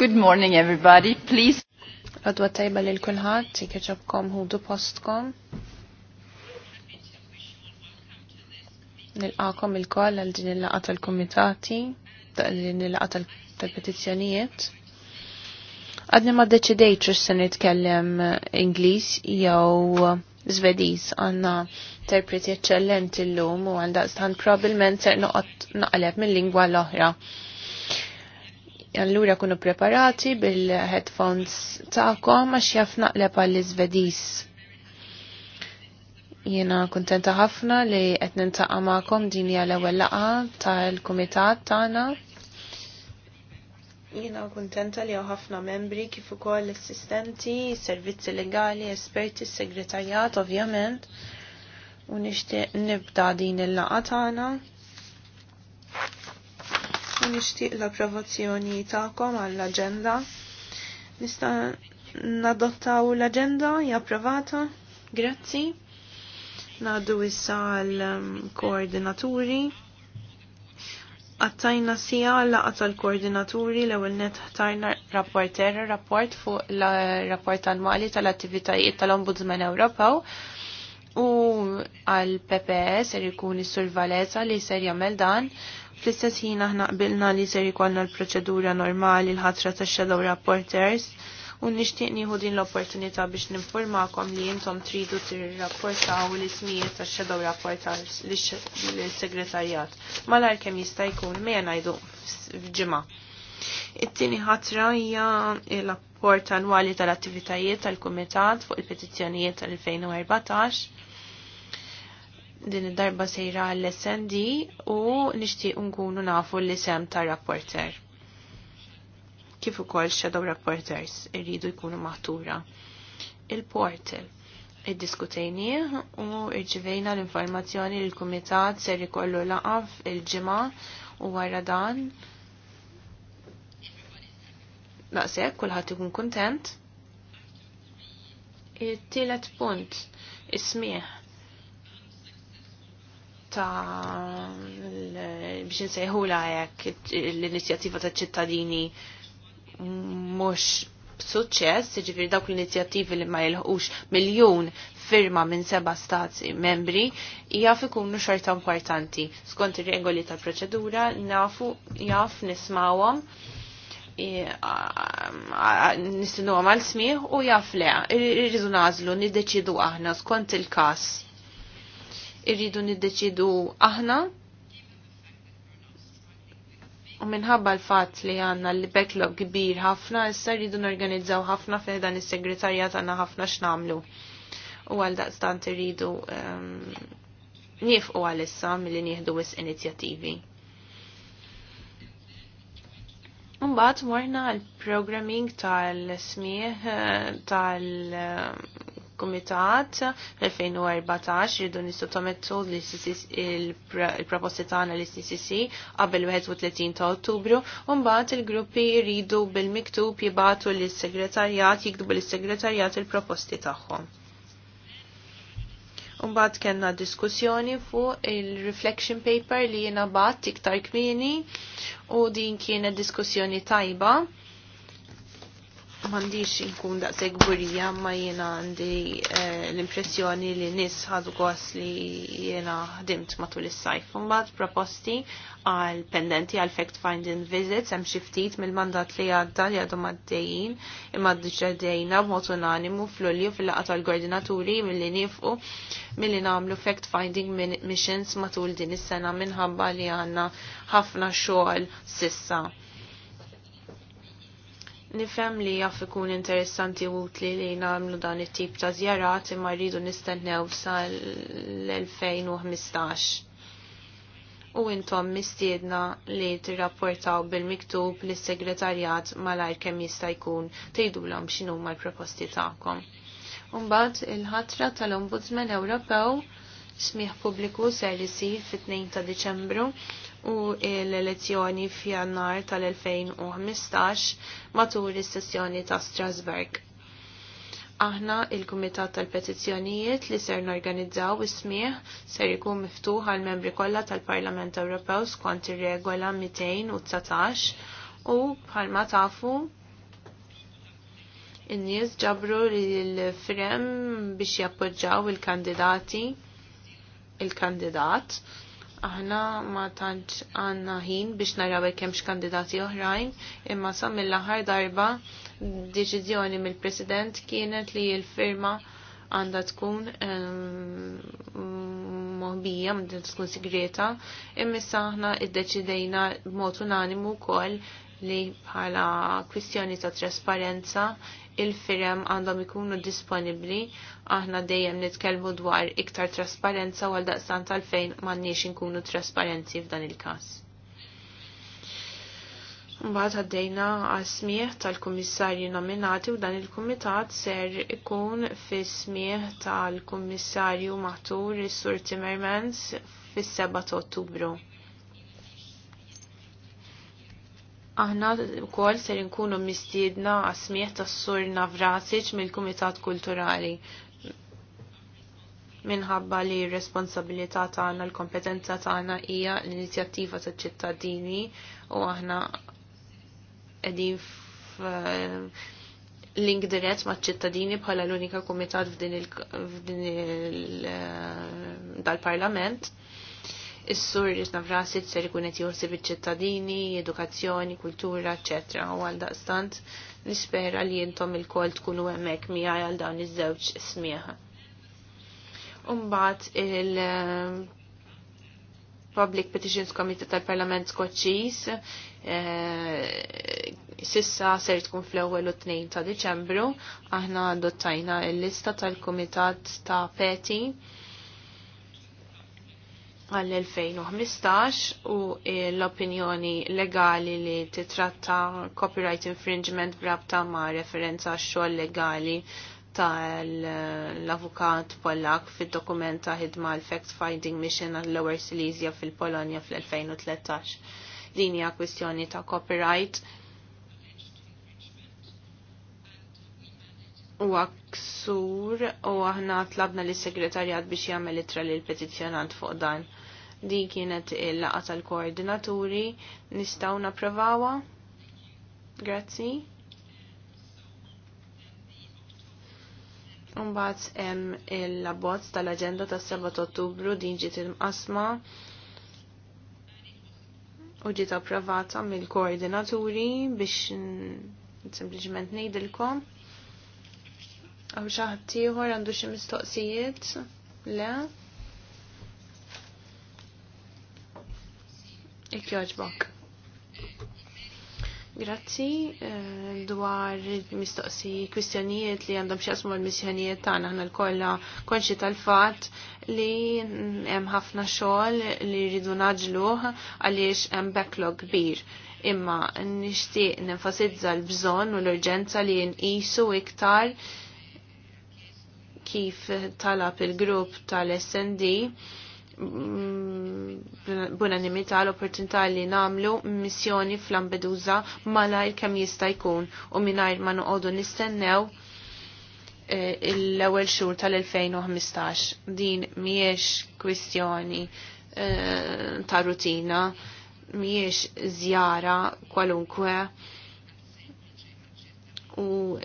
Good morning everybody, please. Għadwa tajba li l-kulħat, tikħeċabkom hudu postkom. Nil-għakom il-koll għal din il-laqa tal-komitati, din il-laqa tal-petizjonijiet. Għadni ma deċidejt se nitkellem Ingliż jew Zvediż għanna interpreti eccellenti l-lum u għandaqstan probabilment ser noqgħod naqleb mill-lingwa l-oħra allura kunu preparati bil-headphones ta'kom għax jaf naqleb għall-Izvedis. Jena kontenta ħafna li qed nintaqa' magħkom din hija l-ewwel laqgħa tal-kumitat tagħna. Jena kontenta li ħafna membri kif ukoll assistenti, servizzi legali, esperti, segretarjat ovvjament. U nixtieq nibda din il-laqgħa tagħna nixtieq l-approvazzjoni tagħkom għall-aġenda. Nista' nadottaw l-aġenda ja approvata. Grazzi. Nadu issa l-koordinaturi. Attajna sija laqa tal-koordinaturi l ewwel net ħtarna rapporter rapport fuq l-rapport annwali tal-attivitajiet tal-Ombudsman Ewropew u għal PPS ser ikun is-survaleza li ser jagħmel dan Fl-istess ħin aħna qbilna li ser ikollna l-proċedura normali l-ħatra ta' shadow rapporters u nixtieq nieħu din l-opportunità biex ninformakom li intom tridu tirrapportaw l-ismijiet ta' shadow rapporters l-segretarjat. Malar kemm jista' jkun mejja ngħidu f'ġimgħa. It-tieni ħatra hija l-apport annwali tal-attivitajiet tal-Kumitat fuq il-petizzjonijiet tal-2014 din id-darba sejra l-SND u nixtieq nkunu nafu l-isem ta' rapporter. Kif ukoll shadow rapporters irridu jkunu maħtura. Il-portal id-diskutejni u irċivejna l-informazzjoni li l-Kumitat ser ikollu laqaf il-ġimgħa u wara dan naqsek kulħadd ikun kuntent. Il-tielet punt ismieħ ta' biex nsejħula jekk l-inizjattiva ta' ċittadini mhux b'suċċess, ġifir dawk l-inizjattivi li ma jilħux miljun firma minn seba' stati membri, jaf ikunu xorta importanti. Skont ir-regoli tal-proċedura, nafu jaf nismawhom nistinu għal smieħ u jaf le, irridu nażlu, niddeċidu aħna skont il-kas irridu niddeċidu aħna u minħabba l-fat li għanna l-backlog kbir ħafna, issa rridu n-organizzaw ħafna fiħdan is segretarjat għanna ħafna x'namlu. U għal daqstant irridu um, nifqu għal-issa mill-li nieħdu wis inizjattivi. Mbagħad morna għal programming tal-smieħ eh, tal kumitat 2014 jridu nistotomettu il-proposti tagħna l ccc qabel 31 ta' Ottubru u mbagħad il-gruppi jridu bil-miktub jibatu lis-segretarjat jikdbu lis-segretarjat il-proposti tagħhom. Umbat kena diskussjoni fuq il-reflection paper li jena bat iktar kmini u din kienet diskussjoni tajba Mandiċ inkun da' burija ma jena għandi eh, l-impressjoni li nis ħadu għas li jena ħdimt matul is-sajf. Mbagħad proposti għal pendenti għal fact finding visits hemm xi ftit mill-mandat li għadda li għadhom għaddejjin imma dġedejna b'mod unanimu fl-ulju fil-laqgħa tal-koordinaturi milli nifqu milli nagħmlu fact finding missions matul din is-sena minħabba li għandna ħafna xogħol sissa Nifhem li jaff ikun interessanti u utli li nagħmlu dan it-tip ta' żjarat imma rridu nistennew sal-2015. U intom mistiedna li tirrapportaw bil-miktub lis segretarjat malajr kemm jista' jkun tgħidulhom x'inhuma l-proposti tagħkom. Umbagħad il-ħatra tal-Ombudsman Ewropew smih pubbliku ser isir fit-2 ta' Diċembru u l-elezzjoni f'jannar tal-2015 matul is-sessjoni ta' Strasbourg. Aħna il-Kumitat tal-Petizzjonijiet li ser norganizzaw ismieħ ser ikun miftuħ għal membri kollha tal-Parlament Ewropew skont ir-regola 219 u bħalma tafu in-nies ġabru l-frem biex jappoġġaw il-kandidati il-kandidat il kandidat Aħna ma tantx għandna ħin biex naraw hemmx kandidati oħrajn, imma sa mill-aħħar darba deċiżjoni mill-President kienet li l-firma għandha tkun ehm, moħbija, għandha tkun segreta, imissa aħna iddeċidejna b'mod unanimu wkoll li bħala kwistjoni ta' trasparenza il-firem għandhom ikunu disponibli, aħna dejjem nitkellmu dwar iktar trasparenza għal daqstan tal-fejn m'għandniex inkunu trasparenti f'dan il-każ. Mbagħad għaddejna għal smieħ tal kummissarju nominati u dan il-kumitat ser ikun fi smieħ tal-kummissarju maħtur is-Sur Timmermans fis-7 Ottubru. Aħna wkoll ser inkunu mistiedna għasmieħ tas-sur Navrasiċ mill-Kumitat Kulturali minħabba li r-responsabilità tagħna l-kompetenza tagħna hija l-inizjattiva taċ ċittadini u aħna qegħdin link dirett ma' ċittadini bħala l-unika kumitat f'din il-dal-parlament. il, il, il, il, il, il, il, il, il Is-sur jrid navrasi ser ikun qed joħsib iċ-ċittadini, edukazzjoni, kultura, eċetera. U għal daqstant nispera li intom il-kol tkunu hemmhekk miegħi għal dawn iż-żewġ smieħ. Umbagħad il eh, Public Petitions Committee tal-Parlament Skoċċiż eh, sissa ser tkun fl-ewwel u tnejn ta' Diċembru aħna adottajna l-lista tal-Kumitat ta' Peti għall-2015 u l-opinjoni legali li titratta copyright infringement brabta ma' referenza xoll legali tal-avukat Pollak fil dokumenta ħidma l-Fact Finding Mission għall-Lower Silesia fil-Polonja fl-2013. Din hija kwistjoni ta' copyright u aksur u aħna tlabna li segretarjat biex jagħmel itra lill petizzjonant fuq dan. Din kienet il-laqa tal-koordinaturi. Nistaw napravawa. Grazzi. Umbat hemm il-labbozz tal-aġenda tas-7 Ottubru din ġiet imqasma u ġiet approvata mill-koordinaturi biex sempliċement ngħidilkom. Aw xi ħadd ieħor għandu xi mistoqsijiet? Le? Ikjoġbok. Grazzi eh, dwar mistoqsi kwistjonijiet li għandhom xasmu l-missjonijiet tagħna aħna l-kollha konxi tal-fatt li hemm ħafna xogħol li rridu naġluh għaliex hemm backlog kbir. Imma nixtieq nenfasizza l-bżonn u l-urġenza li nqisu iktar kif talab il-grupp tal-SND Mm, b'unanimità l-opportunità li namlu missjoni fl-Ambedusa malajr kem jista' jkun u mingħajr ma noqogħdu nistennew eh, l-ewwel xhur tal-2015. Din mhijiex kwistjoni eh, ta' rutina, mhijiex żjara kwalunkwe u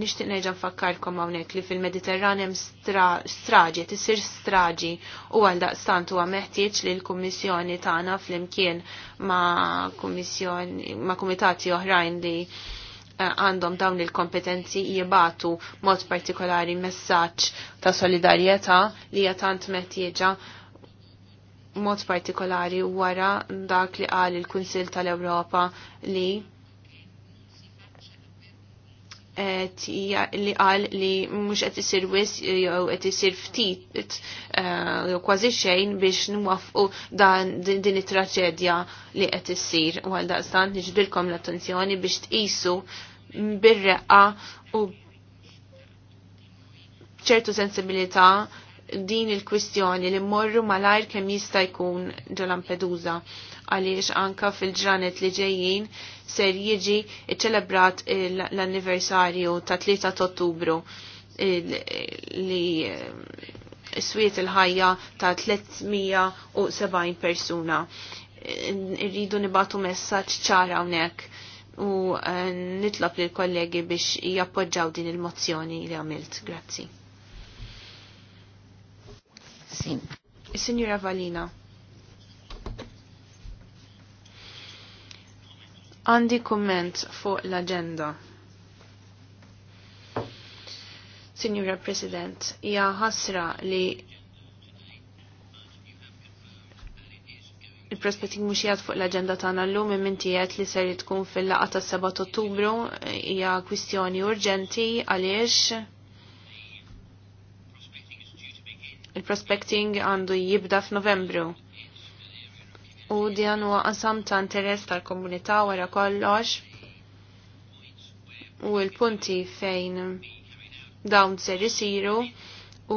nixtieq neġa nfakkarkom hawnhekk li fil mediterranem hemm straġi, tisir straġi u għal daqstant huwa meħtieġ li l-Kummissjoni tagħna flimkien ma' kummissjoni ma' kumitati oħrajn li eh, għandhom dawn il-kompetenzi jibatu mod partikolari messaġġ ta' solidarjetà li hija meħtieġa mod partikolari wara dak li qal il-Kunsil tal-Ewropa li li qal li mhux qed isir wis jew qed isir ftit eh, jew kważi xejn biex nwaffu dan din it-traċedja li qed issir u għal daqstant niġbilkom l-attenzjoni biex tqisu bir-reqqa u ċertu sensibilità din il-kwistjoni li morru malajr kemm jista' jkun ġo Lampedusa għaliex anka fil-ġranet li ġejjin ser jiġi ċelebrat l-anniversarju ta' 3 ta' Ottubru li eh, swiet il-ħajja ta' 370 persuna. Irridu nibatu messaċ ċara hawnhekk u eh, nitlob lill kollegi biex jappoġġaw din il-mozzjoni li għamilt. Grazzi. Sì. Signora Valina. Għandi komment fuq l-agenda. Signora President, hija ħasra li il-prospetting mhux jgħad fuq l-aġenda tagħna llum minn inti qed li ser tkun fil-laqgħa tas-7 Ottubru hija kwistjoni urġenti għaliex Il-prospecting għandu jibda f'Novembru. U dijan huwa qasam ta' interess tal-komunità wara kollox u l-punti fejn dawn ser isiru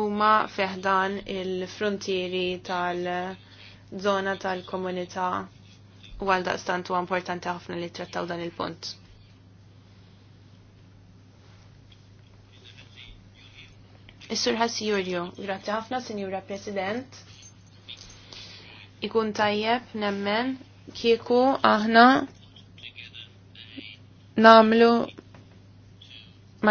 huma feħdan il-frontieri tal-żona tal-komunità u għal daqstant huwa importanti ħafna li trattaw dan il-punt. Is-Sur Ħassijurju, grazzi ħafna, Sinjura President. Ikun tajjeb nemmen kieku aħna namlu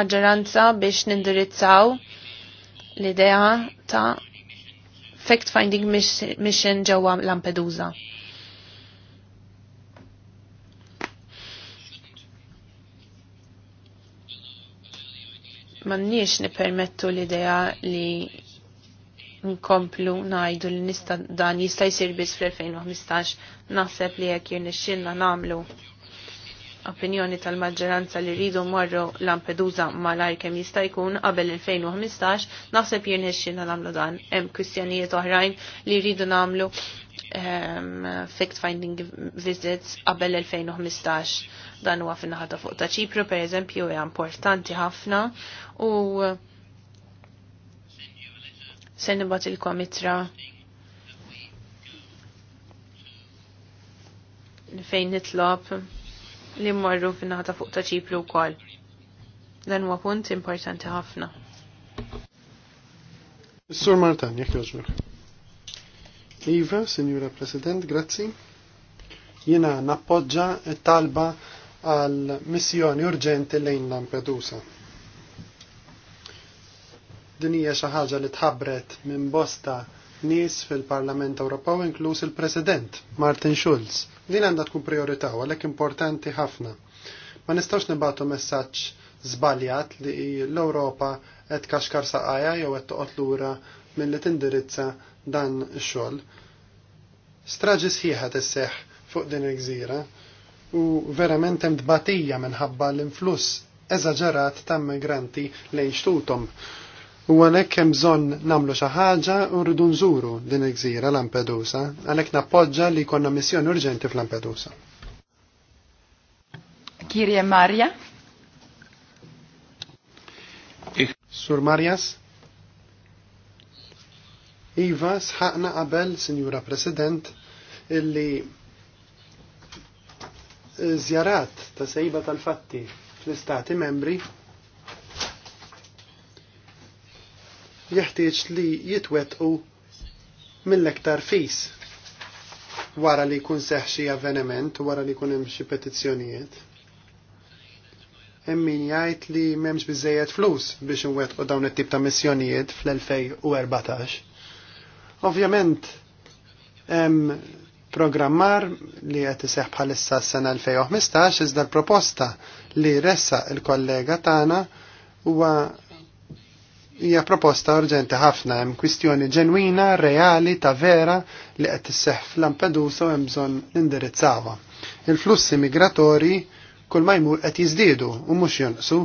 maġġoranza biex nindirizzaw l-idea ta' fact-finding mission ġewwa Lampedusa. Mannix nipermettu l-idea li nkomplu najdu li nista dan jista' jsir biss fl-2015 naħseb li jekk jirnexxilna nagħmlu opinjoni tal-maġġoranza li rridu morru Lampedusa malajr kemm jista' jkun qabel 2015 naħseb jirnexxilna nagħmlu dan hemm kwistjonijiet oħrajn li rridu nagħmlu Um, fact-finding visits qabel 2015 dan huwa fin-naħa ta' fuq ta' Ċipru pereżempju hija importanti ħafna u se nibgħat ilkom ittra fejn nitlob li mmorru fin-naħa ta' fuq ta' Ċipru wkoll. Dan huwa punt importanti ħafna. Sur Martan, jekk jogħġbek. Iva, Signora President, grazzi. Jena nappoġġa talba għal missjoni urġenti lejn Lampedusa. Din hija xi ħaġa li tħabbret minn bosta nies fil-Parlament Ewropew inkluż il-President Martin Schulz. Din għandha tkun priorità u għalhekk importanti ħafna. Ma nistgħux nibgħatu messaġġ żbaljat li l-Ewropa qed kaxkar saqajja jew qed toqgħod lura milli tindirizza dan xol. xogħol Straġi sħiħa tisseħ fuq din il-gżira u verament hemm tbatija minħabba l-influss eżaġerat ta' migranti lejn xtutom. U għalhekk hemm bżonn nagħmlu xi ħaġa u rridu nżuru din il-gżira Lampedusa, għalhekk nappoġġa li jkollna missjoni urġenti f'Lampedusa. Kirje Marja? Sur Marjas? Iva, sħaqna qabel, Sinjura President, illi zjarat ta' sejba tal-fatti fl-istati membri jeħtieġ li jitwetqu mill-ektar fis wara li jkun seħxi xi avveniment, wara li jkun hemm xi petizzjonijiet. Hemm min jgħid li m'hemmx biżejjed flus biex inwettqu dawn it-tip ta' missjonijiet fl-2014 Ovvjament, hemm programmar li qed iseħħ bħalissa s-sena 2015 iżda l-proposta li ressa il-kollega tagħna huwa hija proposta urġenti ħafna hemm kwistjoni ġenwina, reali, ta' vera li qed isseħħ f'Lampedusa u hemm bżonn indirizzawha. Il-flussi migratorji kull ma jmur qed jiżdiedu u mhux jonqsu.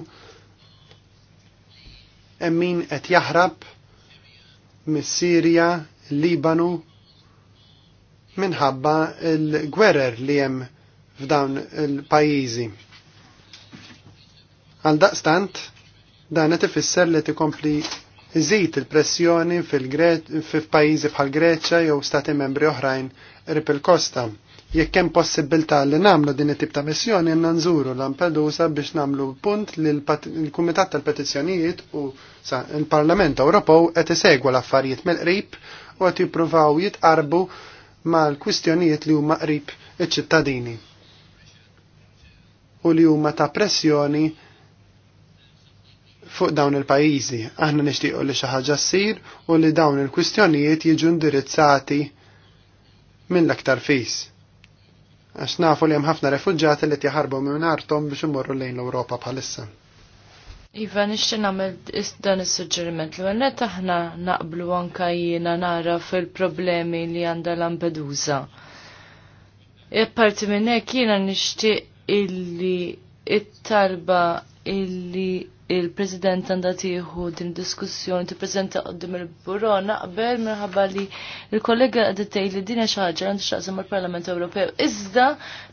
Hemm min qed jaħrab mis-Sirja, Libanu minħabba il-gwerer li hemm f'dawn il-pajjiżi. Għal daqstant, dan qed ifisser li tikompli iżid il-pressjoni fil-pajjiżi bħal Greċja jew stati membri oħrajn rib il-kosta. Jekk hemm possibilità li nagħmlu din it-tip ta' missjoni għandna nżuru Lampedusa biex nagħmlu punt li l-Kumitat tal-Petizzjonijiet u l-Parlament Ewropew qed isegwa l-affarijiet mill-qrib u għat jipruvaw jitqarbu mal-kwistjonijiet li huma qrib iċ-ċittadini u li huma ta' pressjoni fuq dawn il-pajjiżi. Aħna nixtiequ li xi ħaġa ssir u li dawn il-kwistjonijiet jiġu indirizzati minn l-aktar fis. Għax nafu li hemm ħafna refuġġati li tiħarbu minn artom biex imorru lejn l-Ewropa bħalissa. Iva, nixti namel dan il suġġeriment li għannet aħna naqblu anka jina nara fil-problemi li għanda Lampedusa. Ipparti e minnek jina nixti illi it tarba illi il-President għandha tieħu din diskussjoni tippreżenta għoddim il-Buro naqbel minħabba li l-kollega qed tgħid li din hija xi ħaġa għandu x'taqsam il parlament Ewropew. Iżda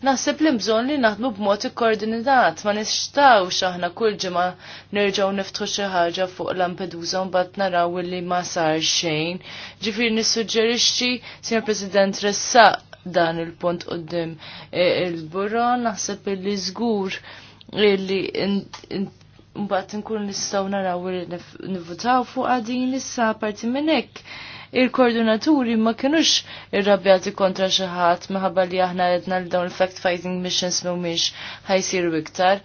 naħseb li bżonn li naħdmu b'mod ikkoordinat, ma nistaw aħna kull ġimgħa nerġgħu niftħu xi ħaġa fuq Lampedusa mbagħad naraw li ma sar xejn. Ġifier nissuġġerixxi, Sinjor President, ressaq dan il-punt qoddim eh, il-buro naħseb li żgur li mbagħad nkunu nistgħu naraw nivvutaw fuq għadin nissa parti minn hekk il-koordinaturi ma kienux irrabjati kontra xi ħadd minħabba li aħna għedna li dawn il-fact fighting missions mhumiex ħajsiru iktar.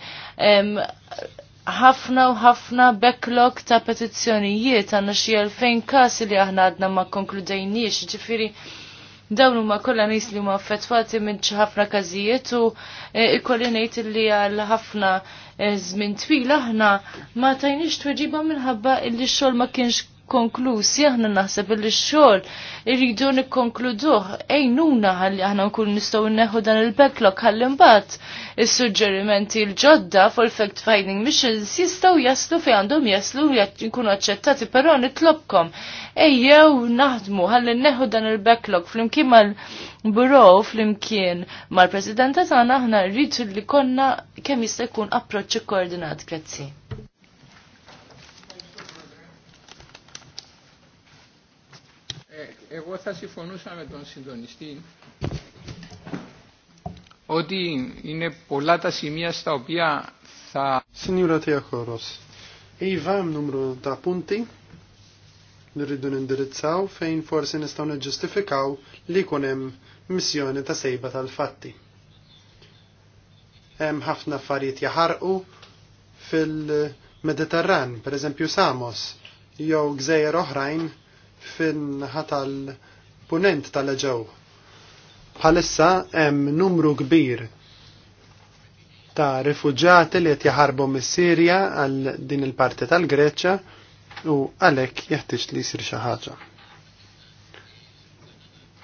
Ħafna u ħafna backlog ta' petizzjonijiet għanna xi għalfejn każ li aħna għadna ma konkludejniex, ġifieri Dawn huma kollha nies li huma affettwati minn xi ħafna każijiet u eh, ikolli ngħid li għal ħafna eh, żmien twil aħna ma tajniex tweġiba minħabba li x-xogħol ma kienx konkluż aħna naħseb li x-xogħol irridu nikkonkluduh ejnuna ħalli aħna nkun nistgħu neħu dan il-backlog ħalli mbagħad is-suġġerimenti l-ġodda for fact finding missions jistgħu jaslu fi għandhom jaslu nkun aċċettati però nitlobkom ejjew naħdmu ħalli neħu dan il-backlog flimkien mal-buro flimkien mal-presidenta tagħna aħna rridu li konna kemm jista' jkun approċċ koordinat grazzi. εγώ θα συμφωνούσα με τον συντονιστή ότι είναι πολλά τα σημεία στα οποία θα... Signora Teokoros, iva hemm numru ta' punti li rridu nindirizzaw fejn forsi nistgħu niġġustifikaw li jkun hemm missjoni ta' sejba tal-fatti. Hemm ħafna affarijiet jaħarqu fil-Mediterran, pereżempju Samos, jew gżejjer oħrajn fin-naħa tal-punent tal-Eġew. Bħalissa hemm numru kbir ta' rifugġati li qed jaħarbu mis-Sirja għal din il-parti tal-Greċja u għalhekk jeħtieġ li jsir xi ħaġa.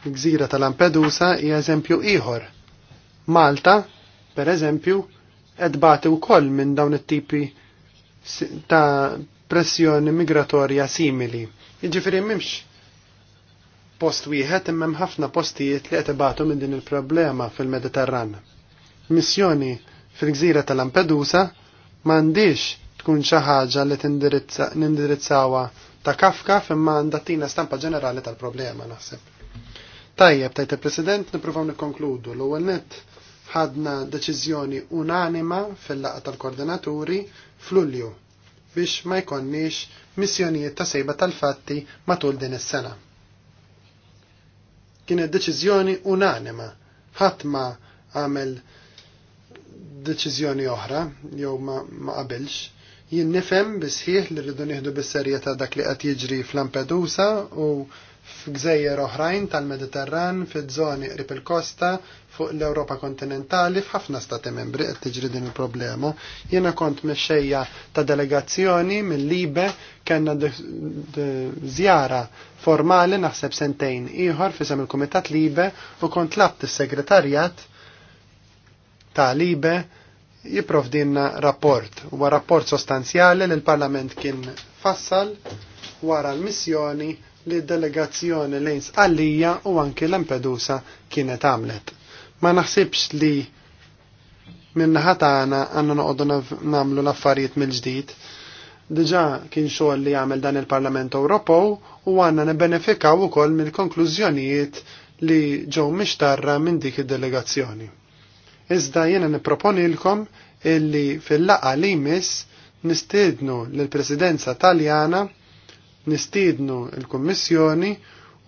Gżira tal-Lampedusa hija eżempju ieħor. Malta, per eżempju, qed bagħti wkoll minn dawn it-tipi ta' pressjoni migratorja simili. Jiġifieri m'hemmx post wieħed imma hemm ħafna postijiet li qed ibatu minn din il-problema fil-Mediterran. Missjoni fil-gżira ta' Lampedusa m'għandix tkun xi ħaġa li tindirizzawha ta' Kafka imma għandha tina stampa ġenerali tal-problema naħseb. Tajjeb, tajt il-President, nipruvaw nikkonkludu l-ewwel nett ħadna deċiżjoni unanima fil-laqa tal-koordinaturi fl-Ulju biex ma jkonniex missjonijiet ta' sejba tal-fatti matul din is-sena. Kienet deċiżjoni unanima, ħadd ma għamel deċiżjoni oħra jew ma, ma qabilx. Jien nifhem bisħieħ li rridu nieħdu bis-serjetà dak li qed jiġri f'Lampedusa u f'gżejjer oħrajn tal-Mediterran, fiż-żoni qrib il-kosta, fuq l-Ewropa kontinentali, f'ħafna stati membri qed tiġri din il problema Jiena kont mexxejja ta' delegazzjoni minn Libe kellna żjara formali naħseb sentejn ieħor fisem il-Kumitat Libe u kont labt is-segretarjat ta' Libe jipprovdinna rapport. Huwa rapport sostanzjali li l-Parlament kien fassal wara l-missjoni li delegazzjoni lejn Sqallija u anki Lampedusa kienet għamlet. Ma naħsibx li minnaħa tagħna għandna noqogħdu nagħmlu l-affarijiet mill-ġdid. Diġà kien xogħol li jagħmel dan il-Parlament Ewropew u għandna nibbenefikaw ukoll mill-konklużjonijiet li ġew mixtarra minn dik id-delegazzjoni. Iżda jiena nipproponilkom illi fil-laqa li jmiss nistiednu lill-Presidenza Taljana Nistidnu l-Kummissjoni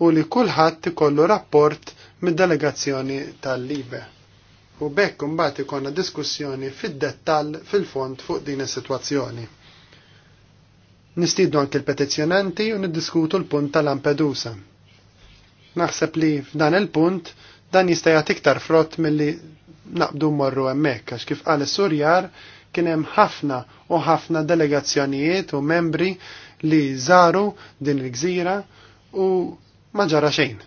u li kulħadd ikollu rapport mid-delegazzjoni tal-Libe. U bekk imbagħad ikollna diskussjoni fid-dettall fil-fond fuq din is-sitwazzjoni. Nistidnu anke l-petizzjonanti u niddiskutu l-punt tal-Lampedusa. Naħseb li f'dan il-punt dan jista' jagħti iktar frott milli naqbdu morru hemmhekk għax kif qal is-Surjar kien hemm ħafna u ħafna delegazzjonijiet u membri li żaru din il-gżira u ma ġara xejn.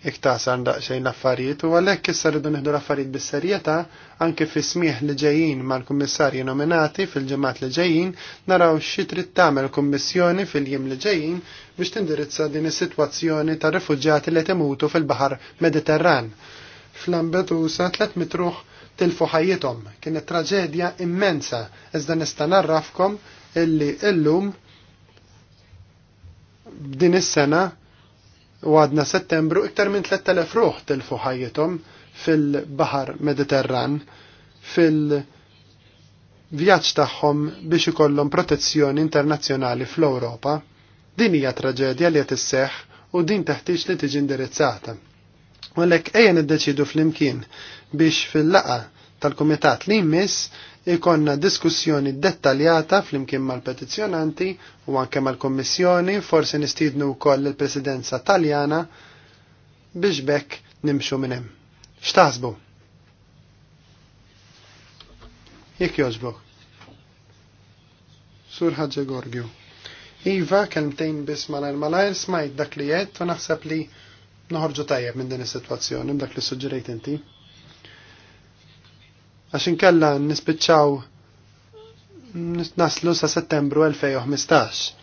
Iktasar daqsxejn l-affarijiet u għalhekk issa rridu nieħdu l-affarijiet bis-serjetà anke fi smieħ li ġejjin mal-kummissarji nominati fil-ġemat li ġejjin naraw xi trid tagħmel kummissjoni fil-jiem li ġejjin biex tindirizza din is-sitwazzjoni ta' rifuġġati li temutu fil-Baħar Mediterran. Fl-Ambetusa tlet mitruħ tilfu ħajjithom. Kienet traġedja immensa iżda nista' narrafkom illi illum din is-sena u għadna settembru iktar minn 3000 ruħ telfu ħajjithom fil-Bahar Mediterran fil-vjaġġ tagħhom biex ikollhom protezzjoni internazzjonali fl-Ewropa. Din hija traġedja li qed isseħħ u din teħtieġ li tiġi indirizzata. U għalhekk ejja niddeċidu fl-imkien biex fil-laqa tal-Kumitat li jmiss ikonna diskussjoni dettaljata flimkien mal-petizjonanti u anke mal-Kommissjoni, forsi nistidnu wkoll il-Presidenza Taljana biex bekk nimxu minn hemm. X'taħsbu? Jekk jogħġbok. Sur Ħaġġa Gorgju. Iva, kelmtejn biss malajr malajr, smajt dak li jett u naħseb li noħorġu tajjeb minn din is-sitwazzjoni, dak li suġġerejt inti għax inkella nispiċċaw naslu sa' settembru 2015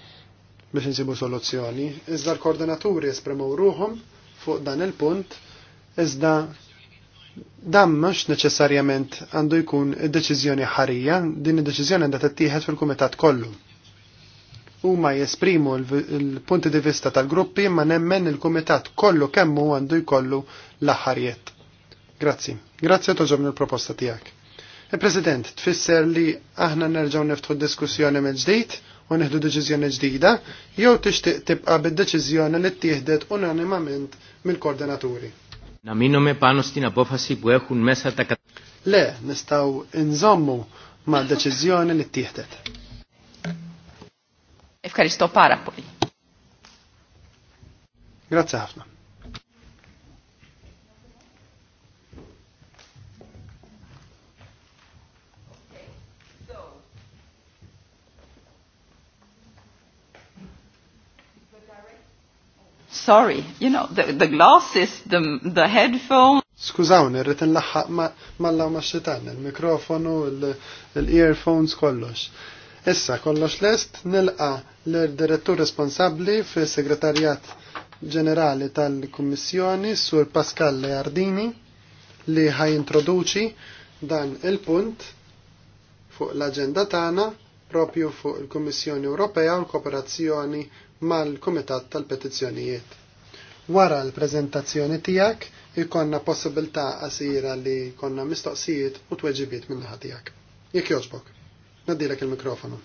biex nsibu soluzzjoni. Iżda l-koordinaturi jespremu ruhom fuq dan il-punt, iżda dan mhux neċessarjament għandu jkun id-deċiżjoni ħarija, din id-deċiżjoni għandha tettieħed fil-kumitat kollu. Huma jesprimu l-punti di vista tal-gruppi ma nemmen il-kumitat kollu kemmu għandu jkollu l-aħħarjiet. Grazzi. Grazzi toġobni il proposta tiegħek. Il-President tfisser li aħna nerġgħu neftħu diskussjoni mill ġdid u neħdu deċiżjoni ġdida jew tixtieq tibqa' bid-deċiżjoni li ttieħdet unanimament mill-koordinaturi. me panu stina bofasi bu mesa ta' Le, nistaw inżommu ma' deċiżjoni li ttieħdet. Efkaristo para poi. Grazie ħafna. sorry, you know, the, the glasses, the, the headphone. Skużawni, rrit nlaħħaq mal-law ma xitan, il-mikrofonu, l-earphones, kollox. Issa, kollox lest, nilqa l-direttur responsabli fi segretarjat ġenerali tal-Kummissjoni, Sur Pascal Leardini, li ħaj introduċi dan il-punt fuq l-agenda tana propju fuq il-Kummissjoni Ewropea u l-Kooperazzjoni mal-Kumitat tal-Petizzjonijiet. Wara l-preżentazzjoni tiegħek ikonna possibilta għasira li konna mistoqsijiet u tweġibiet minn naħa tiegħek. Jekk jogħġbok. Nadilek il-mikrofonu.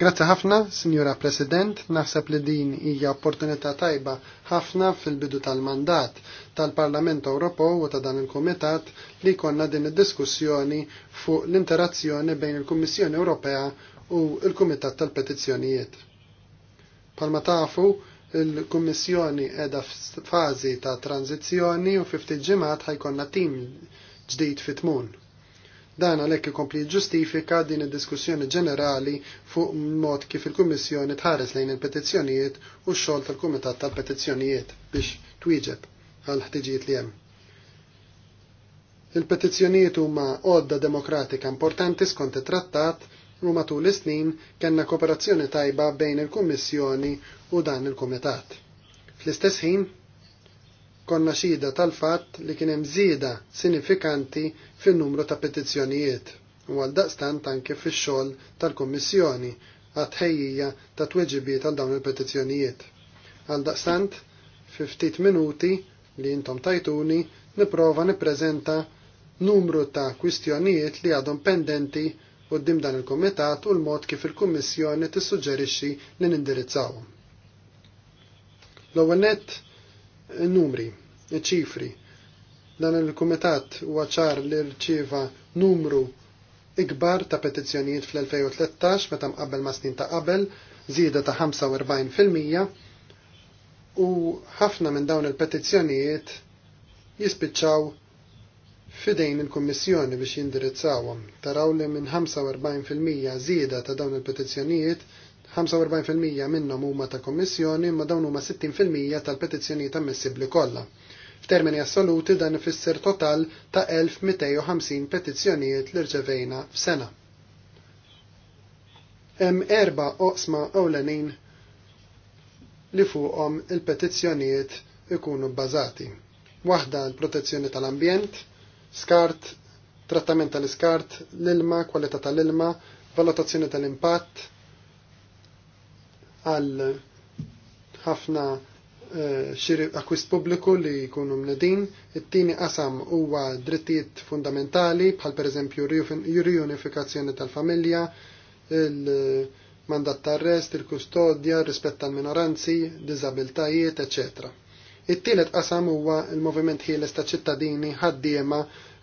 Grazzi ħafna, Sinjura President, naħseb li din hija opportunità tajba ħafna fil-bidu tal-mandat tal-Parlament Ewropew u ta' dan il-Kumitat li konna din id-diskussjoni fuq l-interazzjoni bejn il-Kummissjoni Ewropea u l-Kumitat tal-Petizzjonijiet. Palma tafu, il-Kummissjoni edha fazi ta' tranzizjoni u 50 ġimgħat ħajkonna tim ġdid fit-tmun. Dan għalhekk ikompli ġustifika din id-diskussjoni ġenerali fuq mod kif il-Kummissjoni tħares lejn il-petizzjonijiet u x-xogħol tal-Kumitat tal-Petizzjonijiet biex twieġeb għal ħtiġijiet li hemm. Il-petizzjonijiet huma għodda demokratika importanti skont it-trattat u matul is-snin kellna kooperazzjoni tajba bejn il-Kummissjoni u dan il-Kumitat. Fl-istess ħin, konna xida tal-fatt li kien hemm żieda sinifikanti fin-numru ta' petizzjonijiet u għal daqstant anke fix-xogħol tal-Kummissjoni għat-ħejjija ta' tweġibiet għal dawn il-petizzjonijiet. Għal daqstant, fi ftit minuti li intom tajtuni, niprofa nippreżenta numru ta' kwistjonijiet li għadhom pendenti qudiem dan il-Kumitat u l-mod kif il-Kummissjoni tissuġġerixxi li nindirizzawhom. L-ewwel nett numri, ċifri. Dan il-Kumitat huwa ċar li rċieva numru ikbar ta' petizzjonijiet fl-2013 meta mqabbel ma' snin ta' qabel, żieda ta' 45 u ħafna minn dawn il-petizzjonijiet jispiċċaw fidejn il-Kummissjoni biex jindirizzawhom. Taraw li minn 45% żieda ta' dawn il-petizzjonijiet 45% minnhom huma ta' Kummissjoni ma dawn huma 60% tal-petizzjonijiet ammissibbli kollha. F'termini assoluti dan ifisser total ta' 1250 petizzjonijiet li rċevejna f'sena. Hemm erba' oqsma ewlenin li fuqhom il-petizzjonijiet ikunu bbażati. Waħda l-protezzjoni tal-ambjent, skart, trattament tal-iskart, l-ilma, kwalità tal-ilma, valutazzjoni tal-impatt, għal ħafna eh, xiri akwist pubbliku li jkunu mnedin. It-tieni qasam huwa drittijiet fundamentali bħal pereżempju riunifikazzjoni tal-familja, il-mandat tar-rest, il-kustodja, rispett tal-minoranzi, diżabiltajiet, eccetera. It-tielet qasam huwa l-moviment ħieles ta' ċittadini ħaddiema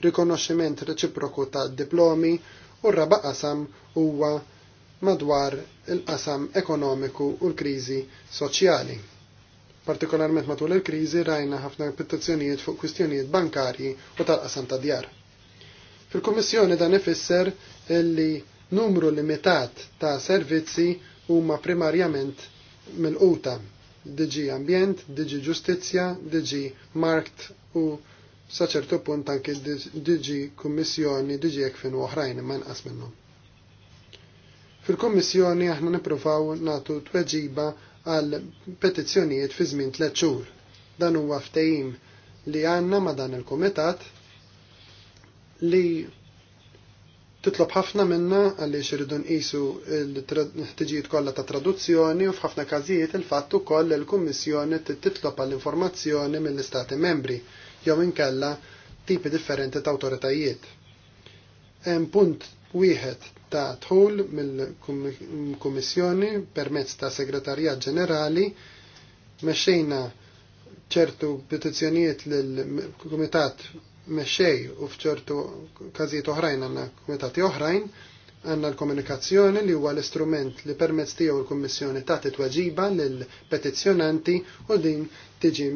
rikonoxximent reċiproku ta' diplomi u r-raba qasam huwa madwar il-qasam ekonomiku u l-kriżi soċjali. Partikolarment matul il-kriżi rajna ħafna petizzjonijiet fuq kwistjonijiet bankarji u tal-qasam ta' djar. Fil-Kummissjoni dan ifisser li numru limitat ta' servizzi huma primarjament mill-quta Diġi Ambjent, diġi Ġustizzja, diġi Markt u saċertu punt anki diġi Kummissjoni, diġi Ekfin u oħrajn imma nqas minnhom. Fil-Kommissjoni aħna nippruvaw nagħtu tweġiba għal petizzjonijiet fi żmien tliet xhur. Dan huwa ftehim li għandna ma' dan il-Kumitat li titlob ħafna minna għaliex irridu nqisu l-ħtiġijiet kollha ta' traduzzjoni u f'ħafna każijiet il-fatt ukoll il-Kummissjoni titlob għall informazzjoni mill-Istati membri jew inkella tipi differenti ta' autoritajiet. Hemm punt wieħed ta' tħul mill-Kummissjoni permezz ta' Segretarjat Ġenerali mexxejna ċertu petizzjonijiet lill-Kumitat mexej u fċertu każijiet oħrajn għanna kumitati oħrajn għanna l-komunikazzjoni li huwa l-istrument li permezz tiegħu l-Kummissjoni tagħti tweġiba lill-petizzjonanti u din tiġi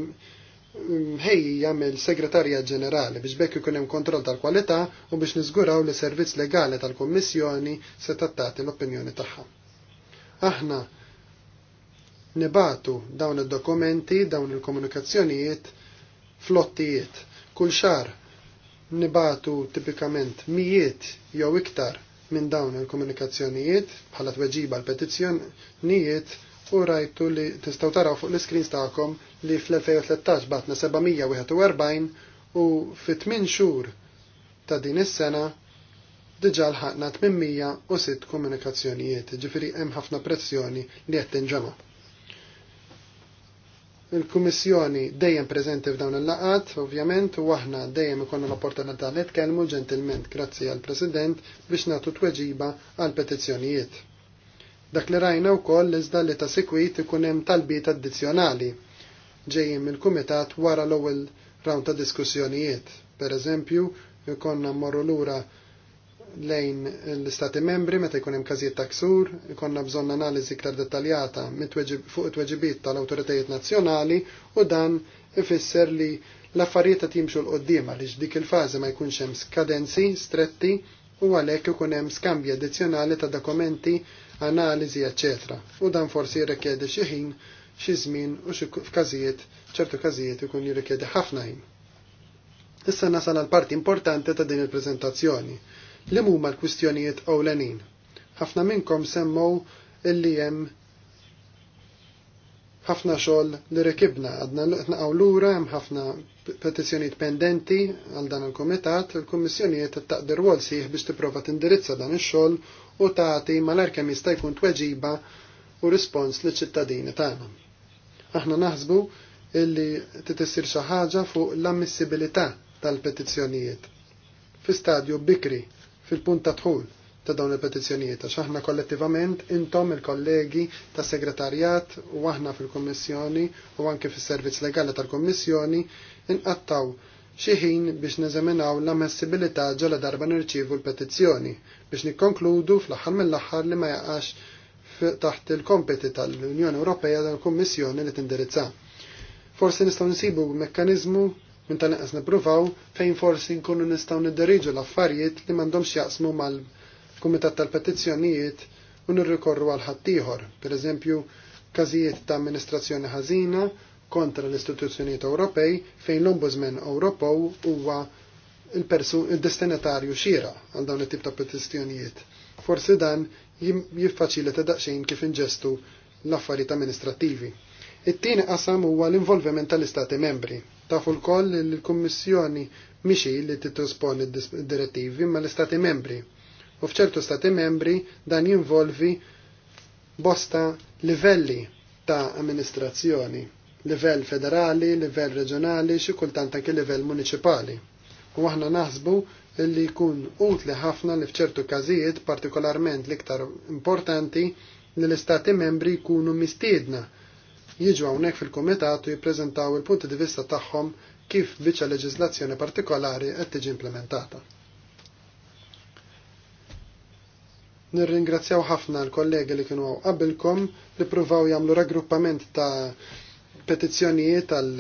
mħejja mill-Segretarja Ġenerali biex bekk ikun hemm kontroll tal-kwalità u biex niżguraw li servizz legali tal-Kummissjoni se tattati l-opinjoni tagħha. Aħna nibatu dawn id-dokumenti, dawn il-komunikazzjonijiet flottijiet kull xar nibatu tipikament mijiet jew iktar minn dawn il-komunikazzjonijiet bħala tweġiba l-petizzjonijiet u rajtu li tistaw taraw fuq l-screens tagħkom li fl-2013 batna 741 u fit 8 xhur ta' din is-sena diġà l-ħaqna 806 komunikazzjonijiet, ġifieri hemm ħafna pressjoni li qed tinġema'. Il-Kummissjoni dejjem preżenti f'dawn il-laqat, ovvjament, u aħna dejjem ikonna l-opportunità li tkellmu ġentilment grazzi għal President biex nagħtu tweġiba għal petizzjonijiet. Dak li rajna wkoll iżda li ta' sikwit ikun hemm talbiet addizzjonali ġejjin mill-Kumitat wara l-ewwel rawn ta' diskussjonijiet. Per eżempju, ikonna mmorru lura lejn l-Istati membri meta jkun hemm każijiet ta' ksur, ikonna bżonn analiżi iktar dettaljata fuq it-tweġibiet tal-awtoritajiet nazzjonali u dan ifisser li l-affarijiet qed jimxu l qoddim għaliex dik il-fażi ma jkunx hemm skadenzi stretti u għalhekk ikun hemm skambji addizzjonali ta' dokumenti, analiżi, eċċetera. U dan forsi jirrikjedi xi ħin, xi żmien u xi f'każijiet, ċertu każijiet ikun jirrikjedi ħafna ħin. Issa nasal għal parti importanti ta' din il preżentazzjoni li huma l-kwistjonijiet ewlenin. Ħafna minnkom semmow illi hemm ħafna xogħol li rekibna, għadna naqgħu lura hemm ħafna petizzjonijiet pendenti għal dan il-kumitat, il-kummissjonijiet taqdir wol sieħ biex tipprova tindirizza dan ix-xogħol u tagħti malar kemm jista' jkun tweġiba u rispons li ċittadini tagħna. Aħna naħsbu illi titissir xi ħaġa fuq l-ammissibilità tal-petizzjonijiet fi stadju bikri fil-punt ta' tħul ta' dawn il-petizzjonijiet, għax aħna kollettivament intom il-kollegi ta' segretarjat u aħna fil-Kommissjoni u anke fis-servizz legali tal-Kommissjoni inqattaw xi ħin biex neżaminaw l ammessibilità ġola darba nirċievu l-petizzjoni biex nikkonkludu fl-aħħar mill-aħħar li ma jaqax taħt il-kompeti tal-Unjoni Ewropea tal-Kummissjoni li tindirizza. Forsi nistgħu nsibu mekkaniżmu minn ta' neqas nipruvaw fejn forsi nkunu nistgħu nidderiġu l-affarijiet li m'għandhomx jaqsmu mal-Kumitat tal-Petizzjonijiet u nirrikorru għal ħaddieħor, pereżempju każijiet ta' amministrazzjoni ħażina kontra l-istituzzjonijiet Ewropej fejn l-Ombudsman Ewropew huwa il-destinatarju xira għal dawn it-tip ta' petizzjonijiet. Forsi dan jiffaċilita daqsxejn kif inġestu l-affarijiet amministrattivi. It-tieni qasam huwa l-involviment tal-Istati membri. Tafu l-koll li l-Kummissjoni mixi li titosponi id direttivi ma l-Istati membri. U fċertu Stati membri dan jinvolvi bosta livelli ta' amministrazzjoni, livell federali, livell reġjonali, xi kultant anke livell municipali. U aħna naħsbu li jkun utli ħafna li fċertu każijiet partikolarment l-iktar importanti li l-Istati membri jkunu mistiedna jiġu hawnhekk fil-kumitat u jippreżentaw il-punti di vista tagħhom kif biċċa leġiżlazzjoni partikolari qed tiġi implementata. Nirringrazzjaw ħafna l-kollegi li kienu qabilkom li pruvaw jagħmlu raggruppament ta' petizzjonijiet tal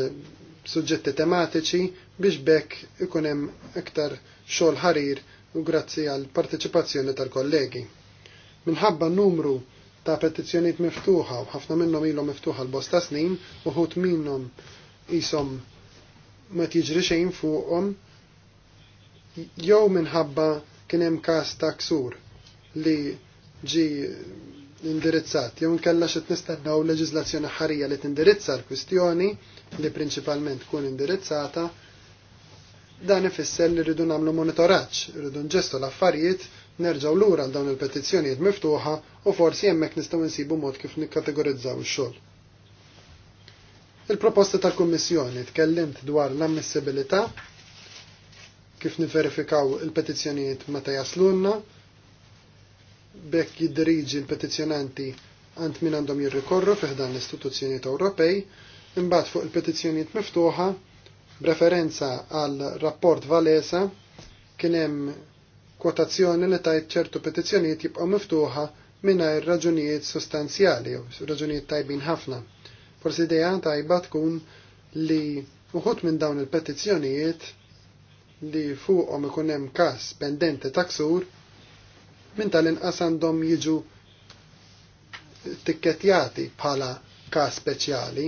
suġġetti tematiċi biex bekk ikun hemm iktar xogħol ħarir u grazzi għal parteċipazzjoni tal-kollegi. Minħabba n numru ta' petizzjoniet miftuħa u ħafna minnhom ilhom miftuħa l-bosta snin u ħut minnhom isom ma tiġri xejn fuqhom jew minħabba kien hemm każ ta' ksur li ġi indirizzat, jew inkella xi nistennew leġiżlazzjoni ħarija li tindirizza l-kwistjoni li prinċipalment tkun indirizzata, dan ifisser li rridu nagħmlu monitoraġġ, rridu nġestu l-affarijiet nerġaw lura għal dawn il-petizzjonijiet miftuħa u forsi hemmhekk nistgħu nsibu mod kif nikkategorizzaw il xogħol Il-proposta tal-Kummissjoni tkellimt dwar l-ammissibilità kif niverifikaw il-petizzjonijiet meta jaslunna, bekk jiddiriġi l-petizzjonanti għand min għandhom jirrikorru fiħdan l-istituzzjonijiet Ewropej, imbagħad fuq il-petizzjonijiet miftuħa, b'referenza għal rapport Valesa, kien hemm kwotazzjoni li tajt ċertu petizzjonijiet jibqgħu miftuħa mingħajr raġunijiet sostanzjali u raġunijiet tajbin ħafna. Forsi dejja tajba tkun li uħut minn dawn il-petizzjonijiet li fuqhom ikun hemm każ pendenti taksur minn tal-inqas għandhom jiġu tikketjati bħala każ speċjali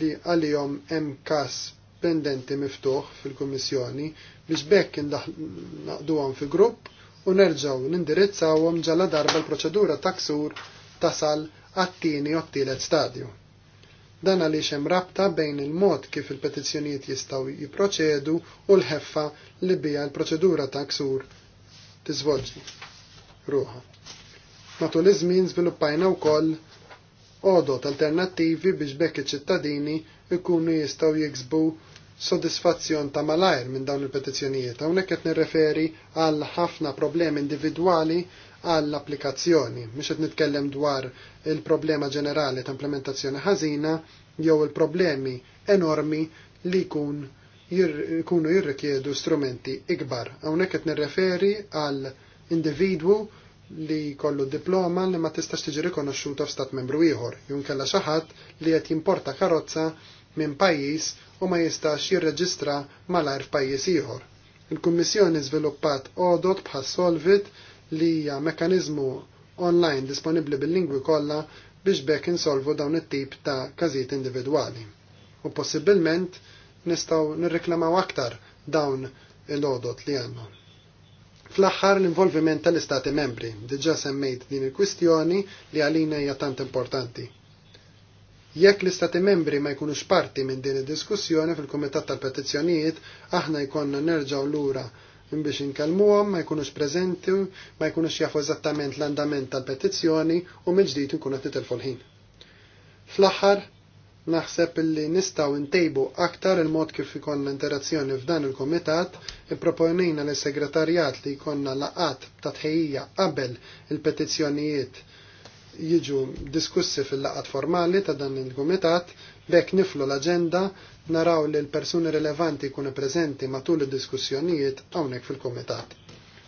li għalihom hemm każ pendenti miftuħ fil-Kummissjoni biex bekk naqduhom fi grupp u nerġgħu nindirizzawhom ġalla darba l-proċedura taksur tasal għat-tieni u t-tielet stadju. Dan għaliex hemm rabta bejn il-mod kif il-petizzjonijiet jistgħu jipproċedu u l-ħeffa li bija l-proċedura ta' ksur tiżvolġi ruha. Matul iż-żmien żviluppajna wkoll għodot alternattivi biex bekk iċ-ċittadini ikunu jistaw jiksbu sodisfazzjon ta' malajr minn dawn il-petizzjonijiet. Hawnhekk qed nirreferi għal ħafna problemi individwali għall-applikazzjoni, mhux qed nitkellem dwar il-problema ġenerali ta' implementazzjoni ħażina jew il-problemi enormi li jkun jkunu jirrikjedu strumenti ikbar. Hawnhekk qed nirreferi għal individwu li kollu diploma li ma tistax tiġi rikonoxxuta f'stat membru ieħor, jun kella xi ħadd li qed jimporta karozza minn pajjiż u ma jistax jirreġistra malajr f'pajjiż ieħor. Il-Kummissjoni żviluppat għodot bħal Solvit li hija mekanizmu online disponibbli bil-lingwi kollha biex bekk insolvu dawn it-tip ta' każijiet individwali. U possibilment nistgħu nirreklamaw aktar dawn il-għodot li għandhom. Fl-aħħar l-involviment tal-Istati membri, diġa semmejt din il-kwistjoni li għalina hija tant importanti. Jekk l-istati membri ma jkunux parti minn din id-diskussjoni fil-Kumitat tal-Petizzjonijiet, aħna jkollna nerġa'w lura biex inkalmuhom, ma jkunux preżenti, ma jkunux jafu eżattament l-andament tal-petizzjoni u mill-ġdid nkun qed nitilfu ħin Fl-aħħar, naħseb li nistgħu intejbu aktar il-mod kif ikonna interazzjoni f'dan il-komitat, ipproponejna l segretarjat li jkonna laqat ta' tħejjija qabel il-petizzjonijiet jiġu diskussi fil-laqat formali ta' dan il-Kumitat bekk niflu l-agenda naraw li l-persuni rilevanti kunu prezenti matul id-diskussjonijiet hawnhekk fil-Kumitat.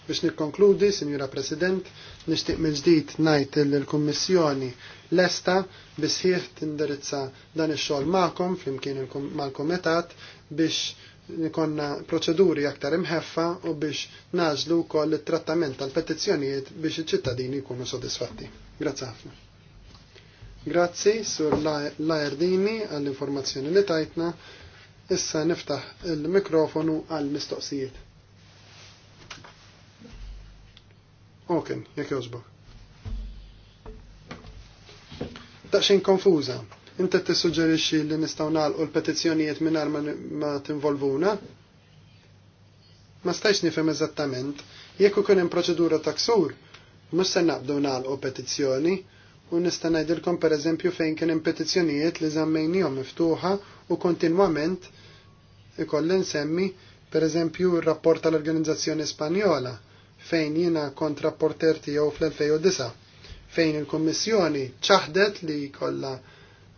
Biex nikkonkludi, Sinjura President, nixtieq mill-ġdid ngħid l-Kummissjoni lesta bisħieħ tindirizza dan ix-xogħol magħkom flimkien mal-Kumitat biex konna proċeduri aktar imħeffa u biex nażlu wkoll it-trattament tal-petizzjonijiet biex iċ-ċittadini jkunu sodisfatti. Grazzi ħafna. Grazzi sur Lajardini għall-informazzjoni li tajtna. Issa niftaħ il-mikrofonu għall-mistoqsijiet. Oken, jekk jozbok. Daqsxejn konfuża Inti tissuġġerixxi li nistgħu nagħlqu l-petizzjonijiet mingħajr ma tinvolvuna? Ma stajx nifhem eżattament. Jekk ikun hemm proċedura ta' ksur, mhux se naqbdu nagħlqu petizzjoni, u nista' ngħidilkom pereżempju fejn kien hemm petizzjonijiet li żammejnihom miftuħa u kontinwament ikolli nsemmi pereżempju r-rapport tal-Organizzazzjoni Spanjola fejn jiena kont rapporter tiegħu fl-2009 fejn il-Kummissjoni ċaħdet li kollha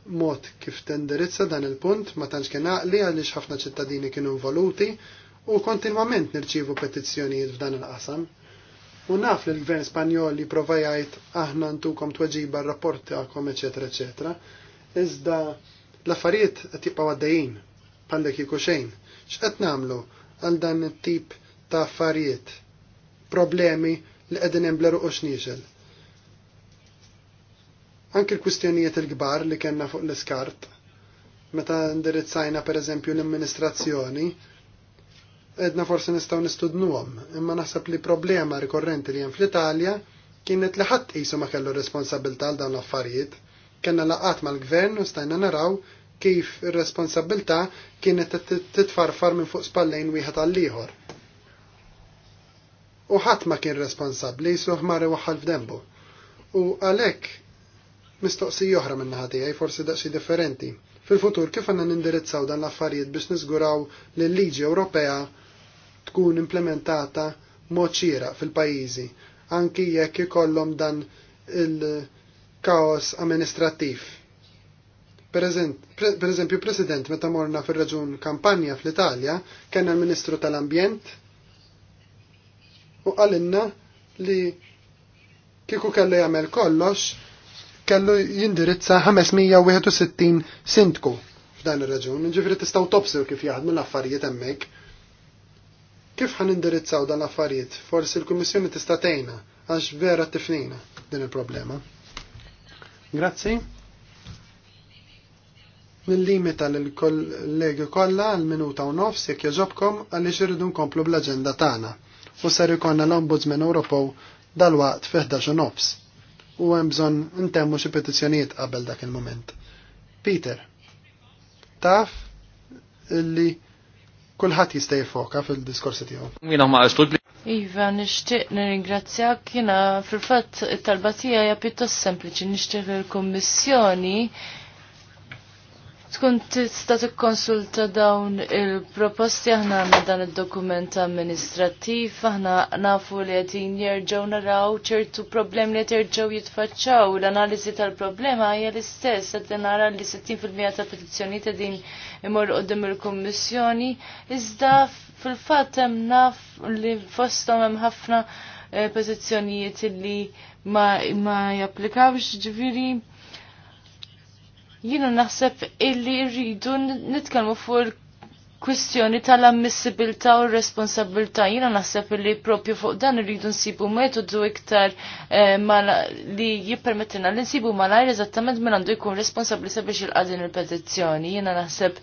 mod kif tenderizza dan il-punt ma tantx kien għaqli għaliex ħafna ċittadini kienu involuti u kontinwament nirċievu petizzjonijiet f'dan il-qasam. U naf li l-gvern Spanjol li prova jgħid aħna ntukom tweġiba r-rapport tagħkom eċetera eċetera. Iżda l-affarijiet qed jibqgħu għaddejjin bħallek jieku xejn. X'qed nagħmlu għal dan it-tip ta' affarijiet problemi li qegħdin hemm bleruq xniexel. Anki l-kwistjonijiet il-kbar li kena fuq l-iskart, meta ndirizzajna per eżempju l-amministrazzjoni, edna forse nistaw nistudnuhom, imma naħseb li problema rikorrenti li hemm fl-Italja kienet li ħadd qisu ma kellu responsabilità għal dawn l-affarijiet. Kenna laqat mal-gvern u stajna naraw kif ir-responsabilità kienet titfarfar minn fuq spallejn wieħed għall-ieħor. U ħadd ma kien responsabbli jisuh mari waħħal f'dembu. U għalhekk mistoqsi oħra minn ħadijaj forsi daqsi differenti. Fil-futur kif għanna nindirizzaw dan l-affarijiet biex nizguraw li l-liġi Ewropea tkun implementata mod fil-pajizi, anki jekk ikollhom dan il-kaos amministrattiv. Per eżempju, President, meta morna fil-raġun kampanja fl-Italja, kena l-Ministru tal-Ambjent u għalinna li kiku kellu jagħmel kollox kellu jindirizza 561 sintku f'dan ir-raġun, ġifri tistgħu topsew kif jaħdmu l-affarijiet hemmhekk. Kif ħan indirizzaw dan l-affarijiet? Forsi l-Kummissjoni tista' tgħinna għax vera tifnina din il-problema. Grazzi. Nillimita l-kollegi kollha għal minuta u nofs jekk jogħġobkom għaliex irridu nkomplu bl-aġenda tagħna u ser ikollna l-Ombudsman Ewropew dalwaqt fi 11 nofs u hemm bżonn intemmu xi petizzjonijiet qabel dak il-moment. Peter, taf illi kulħadd jista' jifoka fil-diskorsi tiegħu. Mina ma Iva, nixtieq nirringrazzjak jiena fil-fatt it-talba tiegħi hija pjuttost sempliċi nixtieq il-Kummissjoni tkun tista' tikkonsulta dawn il-proposti aħna għandna dan id-dokument amministrattiv, aħna nafu li qegħdin jirġaw naraw ċertu problemi li jirġaw jitfacċaw, jitfaċċaw. L-analiżi tal-problema hija l-istess qed nara li 60% ta' petizjoni ta' din imorru qudiem il-Kummissjoni, iżda fil-fatt hemm naf li fosthom hemm ħafna eh, petizzjonijiet li ma, ma japplikawx ġviri Jiena naħseb illi rridu nitkellmu fuq il-kwistjoni tal-ammissibilità u r-responsabilità. Jiena naħseb illi propju fuq dan irridu nsibu metodu iktar eh, li jippermettina li nsibu malajr eżattament minn għandu jkun responsabli sabiex il-qadin il-petizzjoni. Jiena naħseb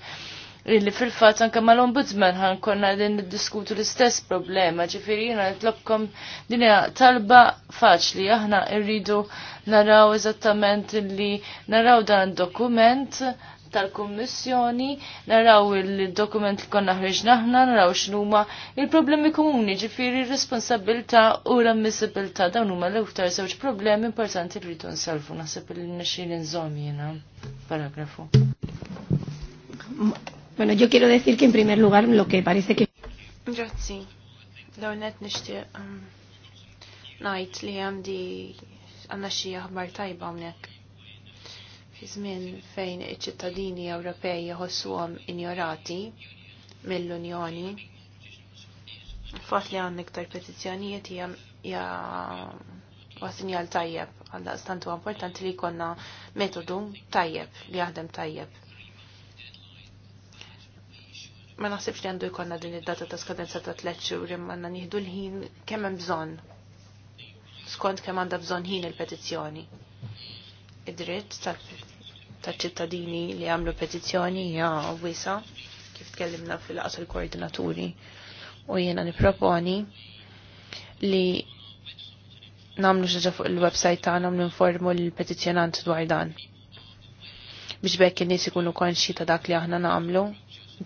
illi fil-fat anka mal-ombudsman ħan konna din diskutu l-istess problema, ġifiri jina nitlobkom din talba faċli, aħna irridu naraw eżattament li naraw dan dokument tal-kommissjoni, naraw il-dokument li konna ħriġna ħna, naraw x'numa il-problemi komuni, ġifiri responsabilta u l-ammissibilta dawn huma l-iktar żewġ problemi importanti li rridu nsalfu, naħseb il-nexxin nżomm jiena. Paragrafu. Bueno, yo quiero decir que en primer lugar lo que parece que... Grazzi. Dawnet net nishti um, najt li għandi għanna xie aħbar tajba għamnek. Fi żmien fejn iċ-ċittadini Ewropej għom injorati mill-Unjoni, fatt li għandna iktar petizzjonijiet hija huwa sinjal tajjeb għal daqstant huwa importanti li jkollna metodu tajjeb li jaħdem tajjeb ma naħsibx li għandu jkollna din id-data ta' skadenza ta' tliet xhur imma għandna nieħdu l-ħin kemm hemm bżonn. Skont kemm għandha bżonn ħin il-petizzjoni. Id-dritt tal-ċittadini li għamlu petizzjoni hija wiesa kif tkellimna fil-qas il-koordinaturi u jiena niproponi li namlu xaġa fuq il-website tagħna ninformu l-petizzjonant dwar dan. Biex bekk in-nies ikunu konxi ta' dak li aħna nagħmlu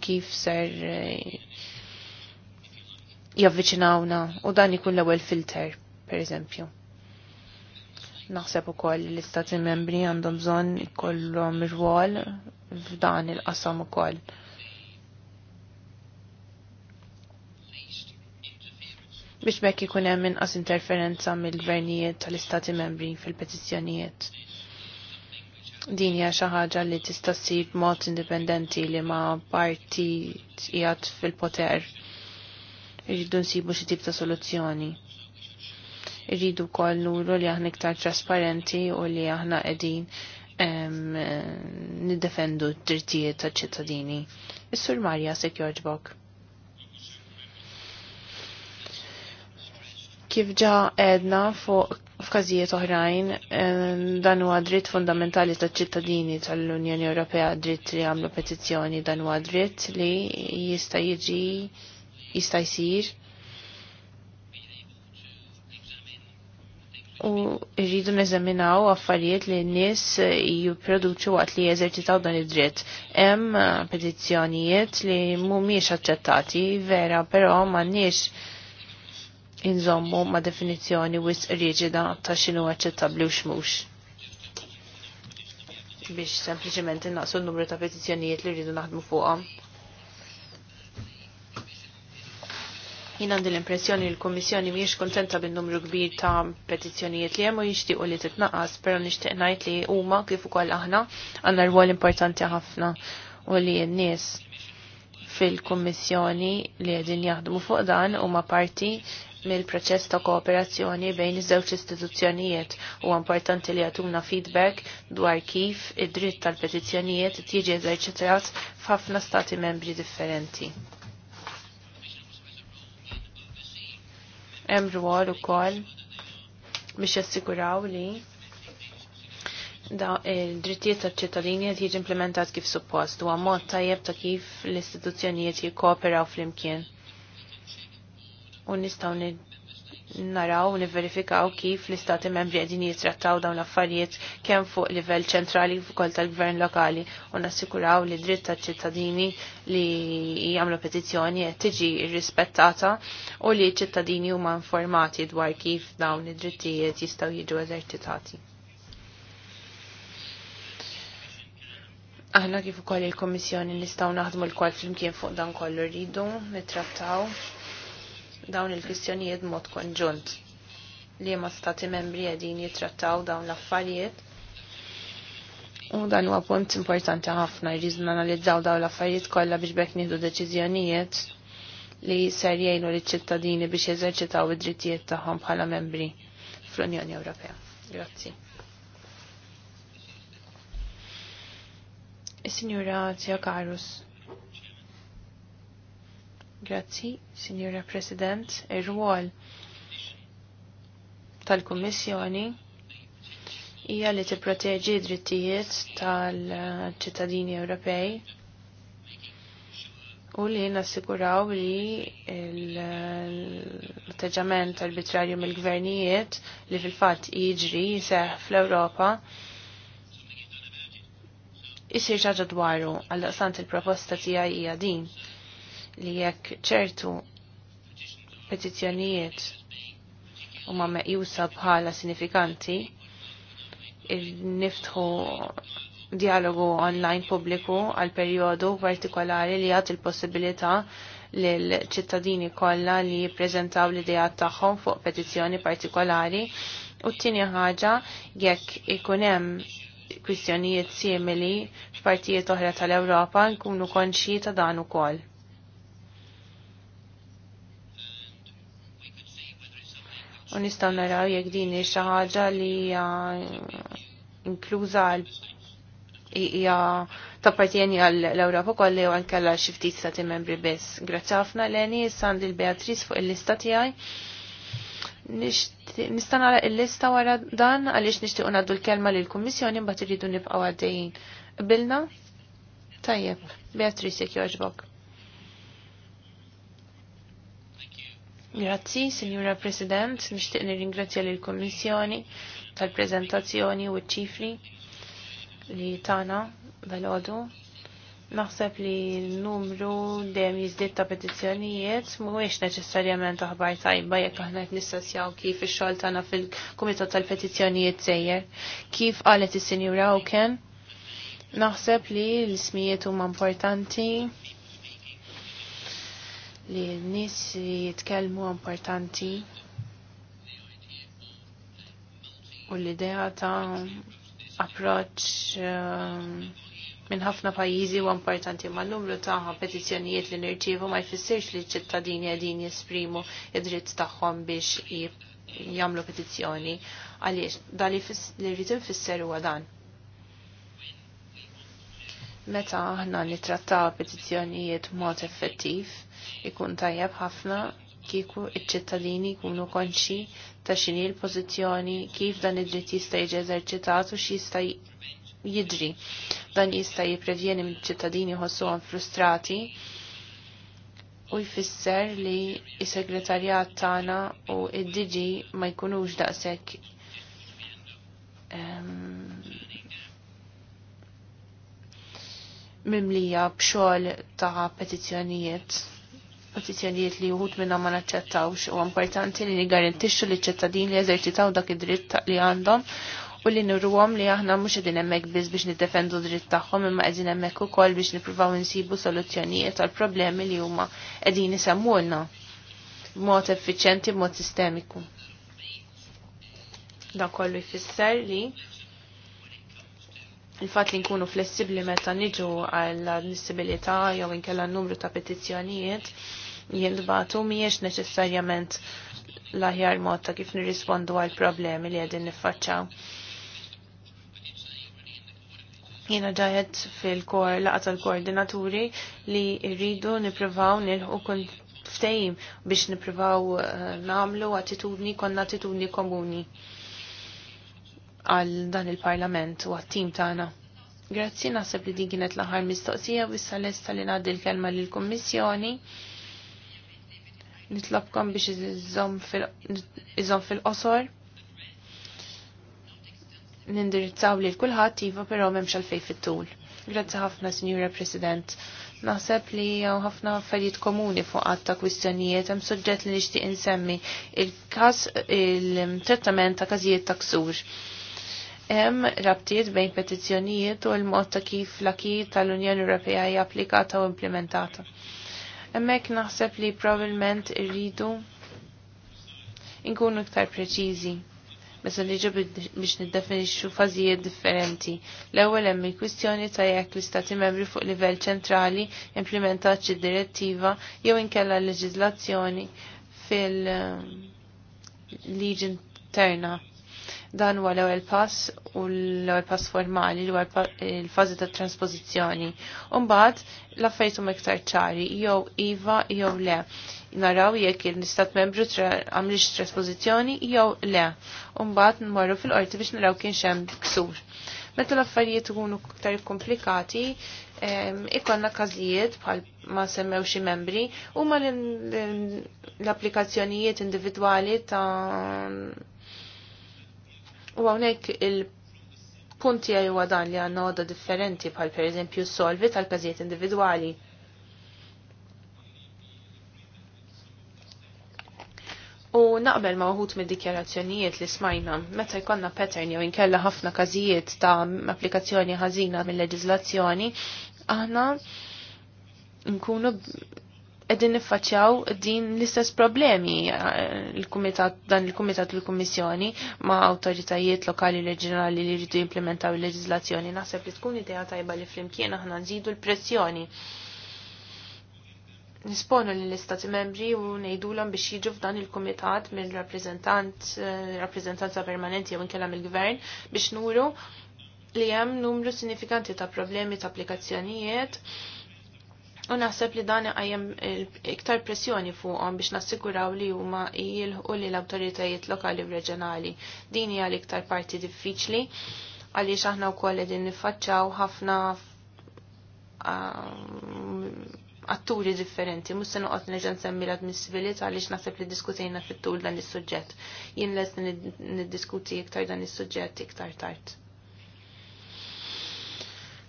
kif ser eh, javviċinawna u dan ikun l-ewwel filter, per eżempju. Naħseb ukoll koll l-istati membri għandhom bżonn ikollhom rwol f'dan il-qasam ukoll. biex bekk ikun hemm inqas interferenza mill-gvernijiet tal-istati membri fil-petizzjonijiet din hija xi ħaġa li tista' ssir mod indipendenti li ma parti qiegħed fil-poter. Irridu nsibu xi tip ta' soluzzjoni. Irridu wkoll nuru li aħna iktar trasparenti u li aħna qegħdin niddefendu d-drittijiet taċ ċittadini. Is-Sur Marja se jogħġbok. Kif ġa edna fuq f'każijiet oħrajn dan huwa dritt fundamentali taċ-ċittadini tal-Unjoni Ewropea dritt li għamlu petizzjoni dan huwa dritt li jista' jiġi jista' jsir. U rridu neżaminaw affarijiet li n-nies jipproduċu waqt li jeżerċitaw dan id-dritt. Hemm petizzjonijiet li mhumiex aċċettati vera, però m'għandniex inżommu ma' definizjoni wis riġida ta' xinu għacċettabli u xmux biex sempliciment innaqsu l numru ta' petizjonijiet li rridu naħdmu fuqhom. Jien għandi l-impressjoni li l-Kummissjoni mhijiex kontenta bin-numru kbir ta' petizzjonijiet li hemm u jixtiequ li titnaqqas, però nixtieq ngħid li huma kif ukoll aħna għandna rwol importanti ħafna u li n-nies fil-Kummissjoni li qegħdin jaħdmu fuq dan huma parti mill-proċess ta' kooperazzjoni bejn iż-żewġ istituzzjonijiet u importanti li jagħtuna feedback dwar kif id-dritt tal-petizzjonijiet tiġi eżerċitat f'ħafna stati membri differenti. Hemm rwol ukoll biex jassikuraw li da il-drittijiet tal-ċittadini qed jiġi implementat kif suppost u mod tajjeb ta' kif l-istituzzjonijiet jikkooperaw flimkien u nistaw naraw u niverifikaw kif l-istati membri għedin jitrattaw dawn l-affarijiet kemm fuq livell ċentrali fuq tal-gvern lokali u nassikuraw li dritt ta' ċittadini li jagħmlu petizzjoni qed tiġi rispettata u li ċittadini huma informati dwar kif dawn id-drittijiet jistgħu jiġu eżerċitati. Aħna kif ukoll il-Kommissjoni nistgħu naħdmu l-kwal flimkien fuq dan kollu rridu, nittrattaw dawn il-kwistjonijiet mod konġunt li ma stati membri għedin jitrattaw dawn l-affarijiet. U dan huwa punt importanti ħafna jriżna analizzaw dawn l-affarijiet kollha biex bekk nieħdu deċiżjonijiet li ser jgħinu liċ-ċittadini biex jeżerċitaw id-drittijiet tagħhom bħala membri fl-Unjoni Ewropea. Grazzi. Is-Sinjura Tia Karus. Grazzi, Signora President, ir ruol tal-Kummissjoni hija li tipproteġi drittijiet tal-ċittadini Ewropej u li nassiguraw li l-atteġġament arbitrarju mill-gvernijiet li fil-fatt jiġri jiseħ fl-Ewropa jisir ċaġa dwaru għal-daqsant il-proposta tija hija din li jekk ċertu petizzjonijiet u ma meqjusa bħala sinifikanti niftħu dialogu online pubbliku għal periodu partikolari li għat il-possibilità l-ċittadini kollha li jippreżentaw l-idejat tagħhom fuq petizzjoni partikolari. U t-tieni ħaġa jekk ikun hemm kwistjonijiet simili f'partijiet oħra tal-Ewropa nkunu konxji ta' dan ukoll. u nistaw naraw jekk din xi ħaġa li hija inkluża hija tappartieni għall-Ewropa kollha jew anke għal xi ftit stati membri biss. Grazzi ħafna Leni, sandi l-Beatriz fuq il-lista tiegħi. Nista' nara il lista wara dan għaliex nixtiequ ngħaddu l-kelma lill-Kummissjoni mbagħad iridu nibqgħu għaddejjin. Bilna? Tajjeb, Beatriz jekk jogħġbok. Grazzi, Signora President, nixtieq nirringrazzja lill kummissjoni tal prezentazzjoni u ċifri li tana dal ħodu Naħseb li l-numru dejjem jiżdied ta' petizzjonijiet mhuwiex neċessarjament aħbar tajba jekk aħna qed nistassjaw kif ix-xogħol tagħna fil-Kumitat tal-Petizzjonijiet sejjer. Kif qalet is-Sinjura Oken, naħseb li l-ismijiet huma importanti li n-nis jitkellmu importanti u l-idea ta' approċ um, minn ħafna pajjiżi u importanti ma' numru ta' petizzjonijiet li nirċievu ma' jfissirx li ċittadini għedin jesprimu id-dritt tagħhom biex jagħmlu petizzjoni. Għaliex, dal li rrid infisser huwa dan meta aħna nitrattaw petizzjonijiet mod effettiv, ikun tajjeb ħafna kieku iċ-ċittadini jkunu konxi ta' xini l-pozizjoni kif dan id-dritt jista' jiġi eżerċitat u x'jista' jidri. Dan jista' jipprevjeni mill-ċittadini ħossuhom frustrati u jfisser li s-segretarjat tagħna u id-diġi ma jkunux daqshekk ehm, mimlija b'xogħol ta' petizzjonijiet petizzjonijiet li juhut minna ma naċċettawx u importanti li nigarantixxu li ċittadin li eżerċitaw dak id-dritt li għandhom u li nirruhom li aħna mhux qegħdin hemmhekk biss biex niddefendu dritt tagħhom imma qegħdin hemmhekk ukoll biex nippruvaw insibu soluzzjonijiet għal problemi li huma qegħdin isemmulna b'mod effiċjenti b'mod sistemiku. Dan kollu jfisser li il-fat li nkunu flessibli meta niġu għall-admissibilità jew inkella n-numru ta' petizzjonijiet jilbatu miex neċessarjament l-aħjar mod ta' kif nirrispondu għal problemi li għedin nifacċaw. Jena ġajet fil-kor laqat tal-koordinaturi li rridu niprivaw nilħu ftejim biex niprivaw eh, namlu attitudni konna attitudni komuni għal dan il-Parlament u għat-tim tagħna. Grazzi naħseb li din kienet l-aħħar mistoqsija u issa lesta li ngħaddi l-kelma lill-Kummissjoni. Nitlobkom biex iżomm fil-qosor. Nindirizzaw li l-kulħadd iva però m'hemmx għalfejn fit-tul. Grazzi ħafna, Signora President. Naħseb li jew ħafna affarijiet komuni fuq ta' kwistjonijiet hemm suġġett li nixtieq insemmi il-każ il-trattament ta' każijiet ta' ksur hemm rabtiet bejn petizzjonijiet u l-mod ta' kif l-aki tal-Unjoni Ewropea hija applikata u implementata. Hemmhekk naħseb li probabbilment irridu inkunu iktar preċiżi meta niġu biex niddefinixxu fażijiet differenti. L-ewwel hemm il-kwistjoni ta' jekk l-istati membri fuq livell ċentrali implementat xi direttiva jew inkella l leġiżlazzjoni fil-liġi interna Dan huwa l-ewwel pass u l-ewwel pass formali l il-fażi ta' transpożizzjoni. mbagħad l-affarijiet huma iktar ċari jew iva jew le. Naraw jekk il-istat membru għamlix traspożizzjoni jew le. U mbagħad nmorru fil-qorti biex naraw kien hemm ksur. Meta l-affarijiet ikunu iktar komplikati, ikonna każijiet bħal ma semmew xi membri huma l-applikazzjonijiet individwali ta' U għonek il-punti għajwa dan li għanna għoda differenti bħal per eżempju solvi tal-kazijiet individuali. U naqbel ma uħut mid dikjarazzjonijiet li smajna, meta jkonna pattern jew inkella ħafna każijiet ta' applikazzjoni ħażina mill-leġiżlazzjoni, aħna nkunu edin niffaċċjaw din l-istess problemi eh, il-kumitat dan il-kumitat l-kummissjoni ma' awtoritajiet lokali reġjonali li jridu jimplementaw il-leġiżlazzjoni naħseb li tkun idea tajba li flimkien aħna nżidu l-pressjoni. Nisponu l-istati membri u nejdulhom biex jiġu f'dan il-kumitat minn rappreżentant eh, rappreżentanza permanenti jew inkella mill-gvern biex nuru li hemm numru sinifikanti ta' problemi ta' applikazzjonijiet U naħseb li dan għajem iktar pressjoni fuqhom biex nassiguraw li huma jilħu li l-awtoritajiet lokali u reġjonali. Din hija l-iktar parti diffiċli għaliex aħna wkoll qegħdin niffaċċaw ħafna atturi differenti, mus sena qot neġan semmi l-admissibilita għalix naħseb li diskutejna fit-tul dan is-suġġett. Jien les niddiskuti iktar dan is-suġġett iktar tard.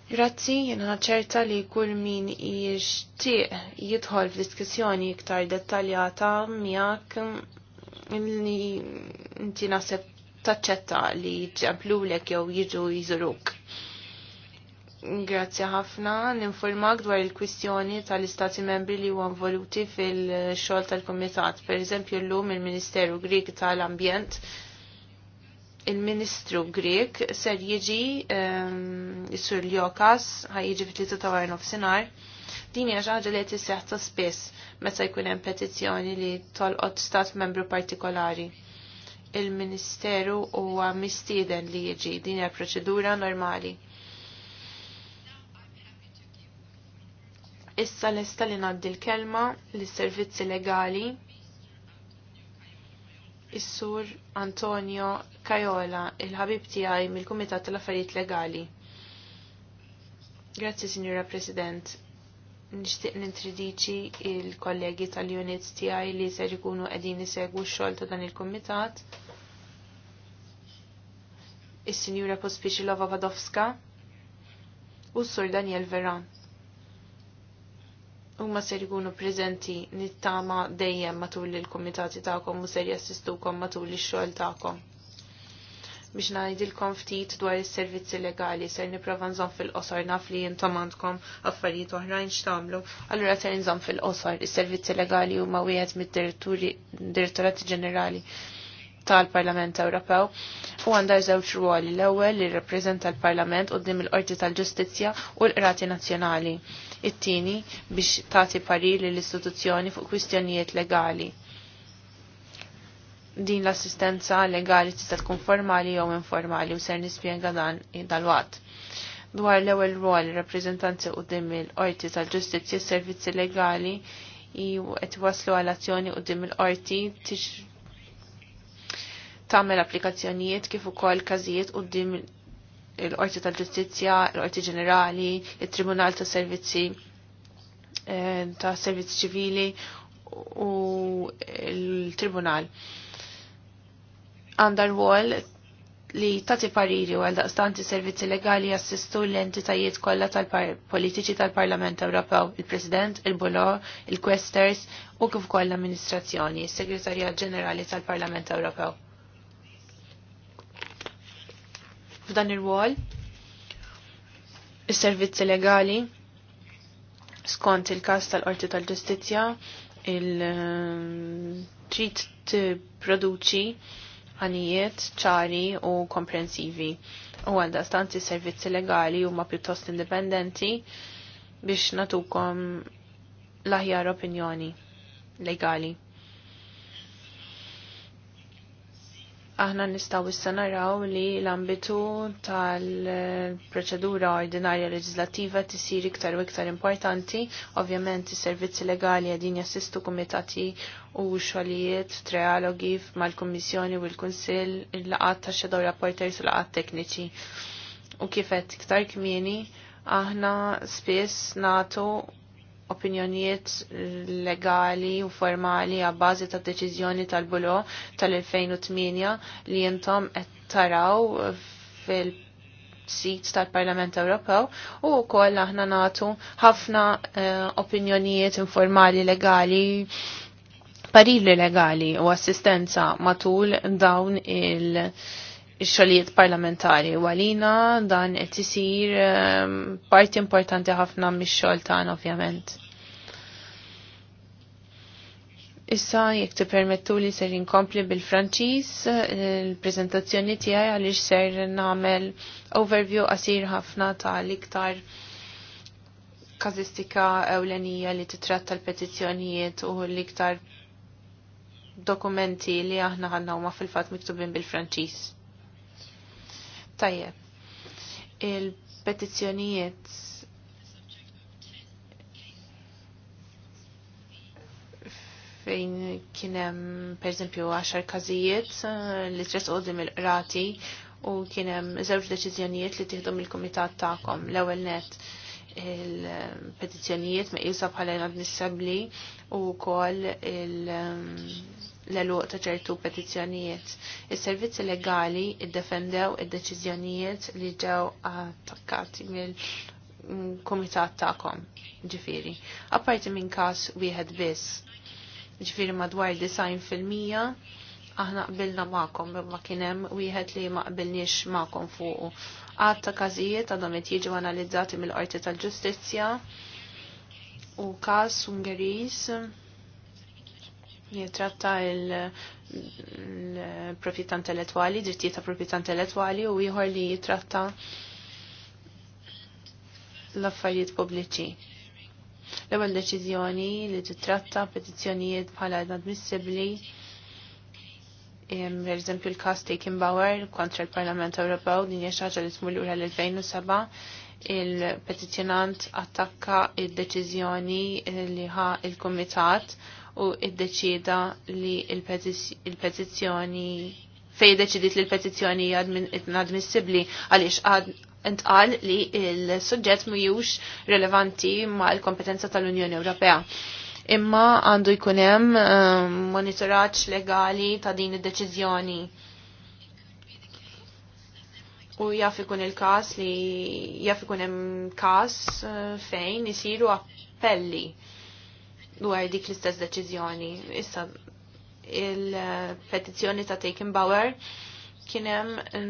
Grazzi, jena ċerta li kull min jixtieq jidħol f'diskussjoni iktar dettaljata miegħek li inti naħseb taċċetta li lek jew jiġu jizuruk. Grazzi ħafna. Ninformak dwar il-kwistjoni tal-istati membri li huwa involuti fil-xogħol tal-Kumitat. Per eżempju llum il-Ministeru Grik tal-Ambjent il-Ministru Grek ser jiġi um, sur Ljokas ħaj jiġi fit-3 ta' warnof sinar. Din hija ħaġa li qed isseħħ ta' spiss meta jkun hemm petizzjoni li tolqot stat membru partikolari. Il-Ministeru huwa mistieden li jiġi din hija proċedura normali. Issa lesta li ngħaddi l-kelma lis servizzi legali is-sur Antonio Kajola, il-ħabib tiegħi mill-Kumitat tal-Affarijiet Legali. Grazzi, Signora President. Nixtieq nintridiċi il-kollegi tal-unit tiegħi li se jkunu qegħdin isegwu x-xogħol ta' dan il-kumitat. Is-Sinjura Lova Vadowska u s-Sur Daniel Veran u ma ser jkunu prezenti nittama dejjem matul il-komitati ta'kom u ser jassistukom matul il-xogħol ta'kom. Biex ngħidilkom ftit dwar is-servizzi legali ser nipprova nżomm fil-qosor naf li intom għandkom affarijiet oħrajn x'tagħmlu, allura ser nżomm fil-qosor is-servizzi legali huma wieħed mid direttorati ġenerali tal-Parlament Ewropew u għandar żewġ ruoli l-ewwel li rrappreżenta l-Parlament quddiem il-Qorti tal-Ġustizzja u l-Qrati Nazzjonali it-tieni biex tagħti parir lill-istituzzjoni fuq kwistjonijiet legali. Din l-assistenza legali tista' tkun formali jew informali u ser nispjega dan dal Dwar l-ewwel rwol rappreżentanti qudiem il-qorti tal-ġustizzja s-servizzi legali qed waslu għal azzjoni qudiem il-qorti tagħmel applikazzjonijiet kif ukoll każijiet qudiem il-Qorti tal-Ġustizzja, il-Qorti Ġenerali, il-Tribunal ta' Servizzi eh, ta' Servizzi Ċivili u il-Tribunal. Għandar wol li tati pariri u għal-daqstanti servizzi legali jassistu l-entitajiet kollha tal-politiċi tal-Parlament Ewropew, il-President, il-Bulo, il-Questers u kif l amministrazzjoni, il-Segretarjat Ġenerali tal-Parlament Ewropew. f'dan ir-rwol is-servizzi legali skont il-każ tal-Qorti tal-Ġustizzja il-trid tipproduċi għanijiet ċari u komprensivi u għanda stanzi servizzi legali u ma pjuttost indipendenti biex natukom laħjar opinjoni legali. aħna nistaw issa naraw li l-ambitu tal-proċedura ordinarja leġislattiva tisir iktar u iktar importanti, ovvjament is-servizzi legali għadin jassistu kumitati u xogħlijiet trialogi mal-Kummissjoni u l-Kunsill il-laqat ta' xedaw rapporters u laqat tekniċi. U kifet iktar kmieni aħna spiss natu opinjonijiet legali u formali għabbażi ta' deċiżjoni tal-bulo tal-2008 li jintom qed taraw fil sit tal-Parlament Ewropew u wkoll aħna natu ħafna uh, opinjonijiet informali legali parili legali u assistenza matul dawn il- xogħlijiet parlamentari u għalina dan qed isir ehm, parti importanti ħafna mix-xogħol tagħna ovvjament. Issa jekk tippermettu li ser inkompli bil-Franċiż il-preżentazzjoni tiegħi għaliex ser nagħmel overview qasir ħafna tal-iktar kazistika ewlenija li titratta l-petizzjonijiet u l-iktar dokumenti li aħna ħanna huma fil-fatt miktubin bil-Franċiż. Tajjeb. Il-petizzjonijiet fejn kienem per eżempju 10 każijiet eh, li tres qudiem il-qrati u kienem żewġ deċiżjonijiet li tieħdhom il-kumitat tagħkom. L-ewwel net il-petizzjonijiet meqjusa bħala inadmissibbli u wkoll il- mm, l-eluq ta' ċertu petizzjonijiet. Is-servizzi legali id-defendew id-deċiżjonijiet li ġew attakkati mill-kumitat tagħkom, ġifieri. Apparti minn każ wieħed biss. Ġifieri madwar 90 fil-mija aħna qbilna ma'kom ma kien hemm wieħed li ma qbilniex ma'kom fuq. Għad każijiet għadhom qed jiġu analizzati mill-Qorti tal-Ġustizzja u każ Ungeris jitratta il-proprietà intellettuali, drittijiet ta' proprietà intellettuali u ieħor li jitratta l-affarijiet pubbliċi. L-ewwel deċiżjoni li titratta petizzjonijiet bħala inadmissibbli per eżempju l-kas Taken Bauer kontra l-Parlament Ewropew din hija xaġa li tmur lura l-2007 il-petizjonant attakka id-deċiżjoni li ħa il-Kumitat u id-deċida li il-petizzjoni fej deċidit li l-petizzjoni inadmissibli għaliex intqal li il-suġġett mujux relevanti mal-kompetenza tal-Unjoni Ewropea imma għandu jkunem ehm, monitoraċ legali ta' din id-deċizjoni. U jaf ikun il-kas li jaf ikun hemm kas eh, fejn isiru appelli dwar dik l-istess deċiżjoni. Issa il-petizzjoni ta' Taken Bauer kien hemm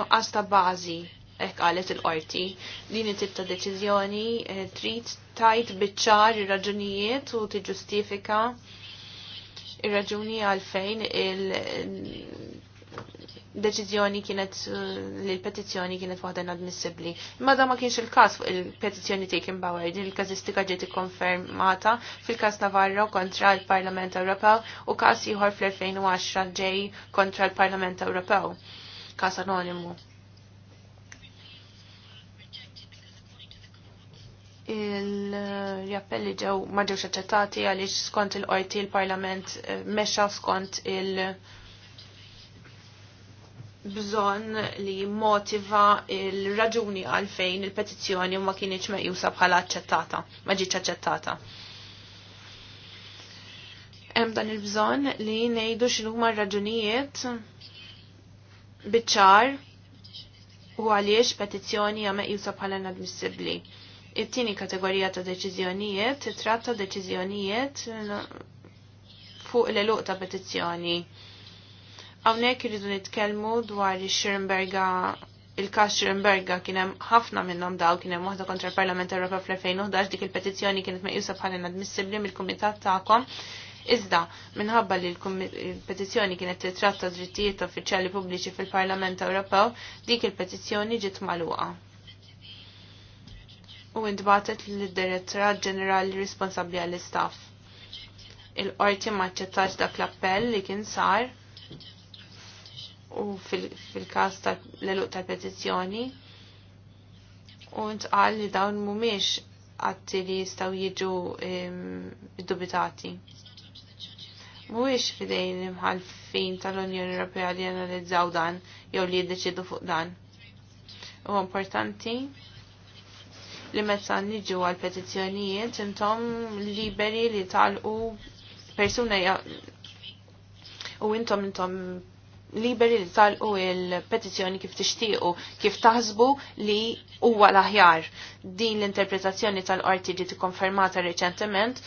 nuqqas ta' bażi hekk qalet il-qorti. Din it-tip ta' deċiżjoni eh, trid tajt biċċar ir-raġunijiet u tiġġustifika ir-raġuni għalfejn il- deċizjoni kienet eh, li l-petizzjoni kienet waħda inadmissibbli. Imma da ma kienx il-każ fuq il-petizzjoni taken Bower, din il-każistika ġiet ikkonfermata fil-każ Navarro kontra l-Parlament Ewropew u każ ieħor fl-2010 ġej kontra l-Parlament Ewropew. Każ anonimu. il-rappelli ġew ma ġewx aċċettati għaliex skont il-qorti l parlament eh, mexa skont il-, -il bżon li motiva il-raġuni għalfejn il-petizzjoni ma kienieċ meqjusa bħala aċċettata, ma ġiċ aċċettata. Hemm dan il-bżon li ngħidu x'inhuma r-raġunijiet biċ-ċar u għaliex petizzjoni hija meqjusa bħala inadmissibbli. It-tieni kategorija ta' deċiżjonijiet tratta deċiżjonijiet fuq l-eluq ta' petizzjoni Hawnhekk irridu nitkellmu dwar ix-Xirinberga il-kas Xirenberga kien hemm ħafna minnhom daw kien hemm kontra il parlament Ewropew fl-2011 dik il-petizzjoni kienet meqjusa bħala inadmissibbli mill-kumitat ta'kom. Iżda minħabba li l-petizzjoni kienet titratta drittijiet uffiċjali pubbliċi fil-Parlament Ewropew, dik il-petizzjoni ġiet magħluqa. U intbatet l direttorat Ġenerali responsabbli għall-istaff. Il-qorti maċċettax dak l-appell li kien sar u fil-kas tal-eluq tal-petizjoni u ntqal li dawn mumiex għatti li jistaw jiġu ehm, dubitati. Mhuwiex fidejn imħalfin tal-Unjoni Europea li analizzaw dan jew li jiddeċidu fuq dan. U importanti li meta niġu għal petizzjonijiet intom liberi li talqu persuna u intom intom liberi li talqu il-petizjoni kif tixtiequ, kif taħsbu li huwa l-aħjar. Din l-interpretazzjoni tal-qorti ġiet konfermata reċentement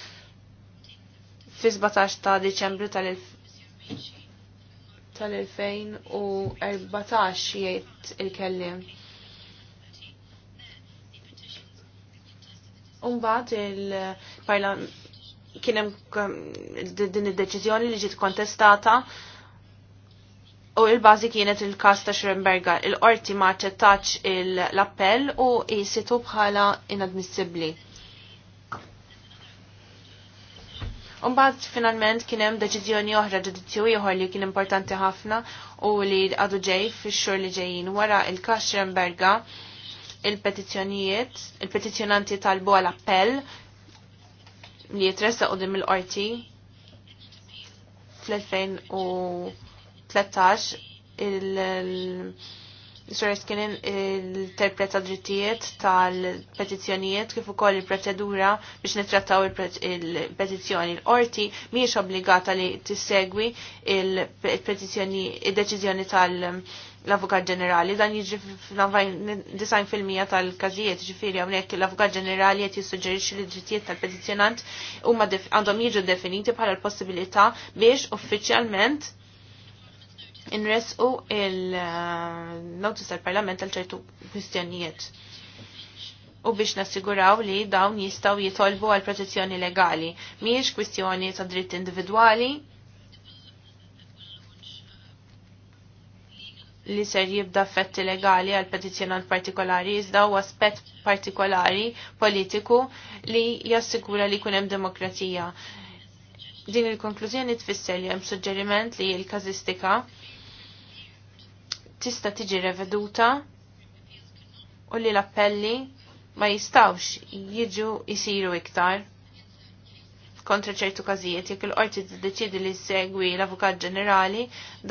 fi 17 ta' Deċembru tal-2014 jgħid il-kellim. Umbat il-parlament kienem um, din id deċiżjoni li ġiet kontestata u il-bazi kienet il-kas ta' Schrenberga. Il-qorti ma ċettax l-appell u jisitu bħala inadmissibli. Umbad finalment kienem deċizjoni oħra ġudizzju ieħor li kien importanti ħafna u li għadu ġej fix-xhur li ġejjin wara il-kas Schrenberga il-petizzjonijiet, il-petizzjonanti talbu għal appell li jitressa u dim il-qorti fl-2000 u il- kien il-terpreta drittijiet tal petizjonijiet kif ukoll il-proċedura biex nittrattaw il-petizzjoni. L-qorti mhijiex obbligata li tissegwi il-petizzjoni id-deċiżjoni tal-Avukat Ġenerali. Dan jiġri fil-mija tal-każijiet, ġifieri hawnhekk l-Avukat Ġenerali qed jissuġġerixxi li d-drittijiet tal-petizzjonant huma għandhom jiġu definiti bħala l-possibilità biex uffiċjalment inresqu il-notis tal-Parlament għal ċertu kwistjonijiet u biex nassiguraw li dawn jistaw jitolbu għal protezzjoni legali. Miex kwistjoni ta' dritt individuali li ser jibda effetti legali għal petizjonant partikolari, iżda u aspett partikolari politiku li jassigura li kunem demokrazija. Din il-konklużjoni tfisser li jem suġġeriment li l-kazistika tista tiġi reveduta u li l-appelli ma jistawx jiġu jisiru iktar kontra ċertu każijiet jekk il-qorti tiddeċidi li segwi l-Avukat Ġenerali,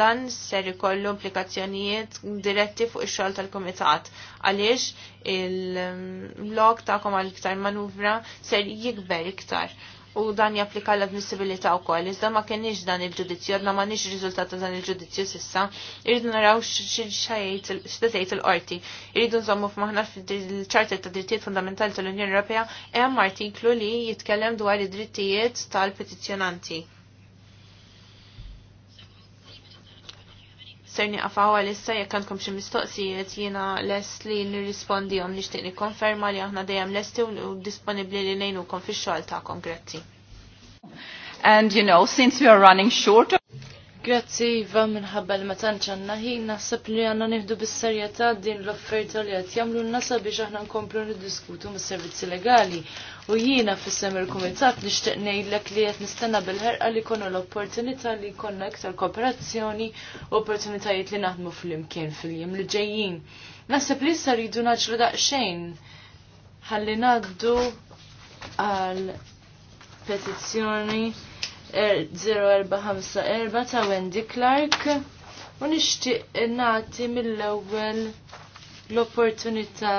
dan ser ikollu implikazzjonijiet diretti fuq ix-xogħol tal-Kumitat għaliex il-log tagħkom għal iktar manuvra ser jikber iktar u dan japplika l-admissibilità wkoll. Iżda ma kienx dan il-ġudizzju, għadna ma nix riżultat ta' dan il-ġudizzju sissa, irridu naraw x'tejt il-qorti. Irridu nżommu f'maħna fil-ċarta ta' drittijiet fundamentali tal-Unjoni Ewropea hemm artiklu li jitkellem dwar id-drittijiet tal-petizzjonanti. serni għafaw issa jekk għandkom xi mistoqsijiet jiena lest li nirrispondi għom nixtieq nikkonferma li aħna dejjem lesti u disponibbli li nejnu konfisċu għal ta' konkretti. And you know, since we are running short Grazzi, Iva, minħabba li ma tanċanna ħin, naħseb li għanna nifdu bis-serjetà din l-offerta li għat jamlu n-nasa biex aħna nkomplu niddiskutu mis-servizzi legali. U jiena fissem il-komitat nishtiq ngħidlek li qed nistenna bil-ħerqa li konu l-opportunità li jkollna iktar kooperazzjoni u opportunitajiet li naħdmu fl-imkien fil-jiem li ġejjin. Naħseb li issa rridu naġlu daqsxejn ħalli ngħaddu għal petizzjoni 0454 ta' Wendy Clark u nixtieq nagħti mill-ewwel l-opportunità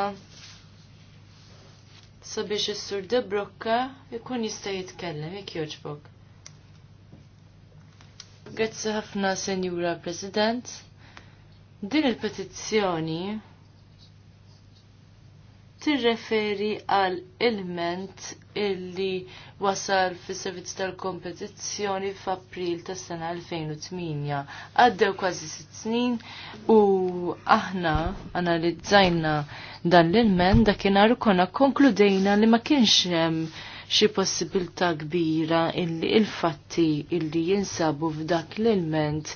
sabiex is-sur De Brocca jkun jista' jitkellem jekk jogħġbok. Grazzi ħafna, Senjura President. Din il-petizzjoni tirreferi għal ilment illi wasal fis servizz tal-kompetizzjoni f'April tas sena 2008. Għaddew kważi sitt snin u aħna analizzajna dan l-ilment dakinhar konna konkludejna li ma kienx hemm xi possibilità kbira illi il-fatti illi jinsabu f'dak l-ilment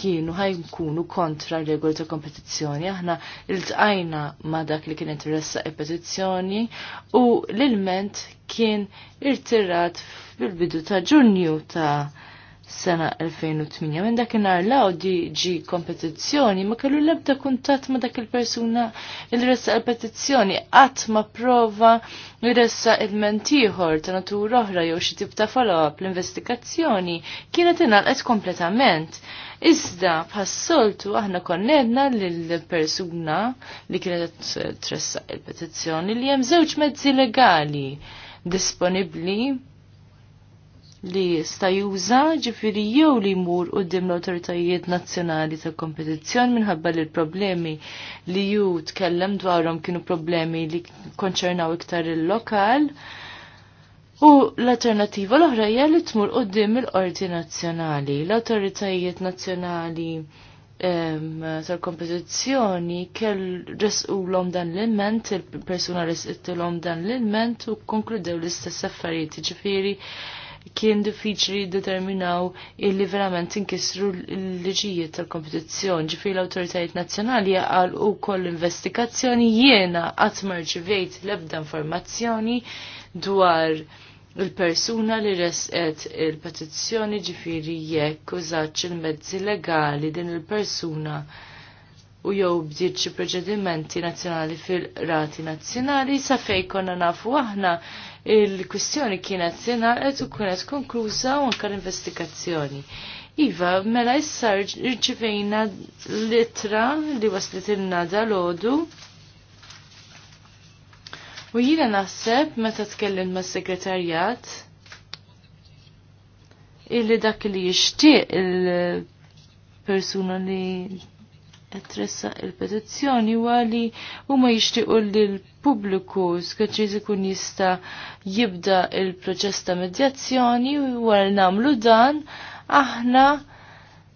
kienu ħajkunu kontra regoli ta' kompetizzjoni. Aħna iltqajna ma' dak li kien interessa e petizzjoni u l-ilment kien irtirat fil-bidu ta' ġunju ta' sena 2008. Minn dakinhar law di ġi kompetizzjoni ma kellu l-ebda kuntatt ma dak il-persuna il ressa l-petizzjoni qatt ma prova il-ressa il-mentiħor ta' natura oħra jew xi tip ta' follow-up l-investigazzjoni kienet inqalqet kompletament. Iżda bħassoltu aħna konnedna lill-persuna li kienet tressa il-petizzjoni li hemm żewġ mezzi legali disponibbli li sta juża ġifiri jew li jmur dim l-awtoritajiet nazzjonali ta' kompetizzjon minħabba li l-problemi li ju tkellem dwarhom kienu problemi li konċernaw iktar il-lokal. U l-alternativa l-oħra hija li tmur dim il-qorti nazzjonali. L-awtoritajiet nazzjonali tal-kompetizzjoni kell l-om dan l-ilment, il-persuna l-om dan l-ilment u konkludew l-istess affarijiet, ġifiri kien diffiċli determinaw illi verament inkisru l-liġijiet tal-kompetizzjoni. Ġifiri l-autoritajiet nazzjonali għal u koll investigazzjoni jiena għatmarġivejt lebda informazzjoni dwar il-persuna li resqet il-petizzjoni ġifiri jekk użaċ il-mezzi legali din il-persuna u jew bdiet xi proċedimenti nazzjonali fil-rati nazzjonali sa fejn konna nafu aħna il-kwistjoni kienet singħaqet u kienet konkluża u anke l-investigazzjoni. Iva, mela issa rċivejna litra li waslet ilna dal-ħodu U jina naħseb meta tkellim ma' segretarjat illi dak li jixtieq il-persuna li qed tressaq il-petizzjoni huwa li huma jixtiequ li l-pubbliku skaċiż ikun jista' jibda il-proċess ta' medjazzjoni u għal nagħmlu dan aħna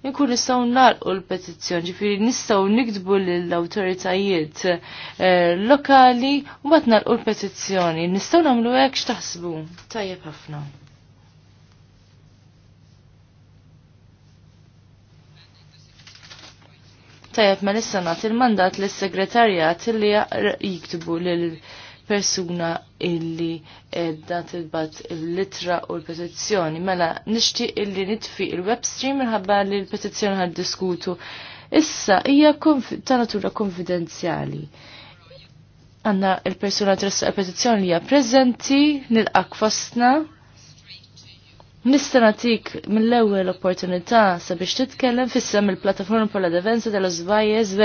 nkun nistgħu nagħlqu l-petizzjoni, ġifieri nistgħu nikdbu lill-awtoritajiet eh, lokali u mbagħad nagħlqu l-petizzjoni. Nistgħu nagħmlu hekk x'taħsbu. Tajjeb ħafna. tajab ma nissa nagħti il-mandat lis segretarjat li jiktubu l persuna illi edda tilbat il-litra u l-petizzjoni. Mela nixtieq illi nitfi il-web stream minħabba li l-petizzjoni għal diskutu. Issa hija ta' natura konfidenzjali għanna il-persuna tressa petizzjoni li prezenti nil akfasna Nista' nagħtik mill-ewwel opportunità sabiex titkellem fissem il plataforma pola Defensa dello Svajjeż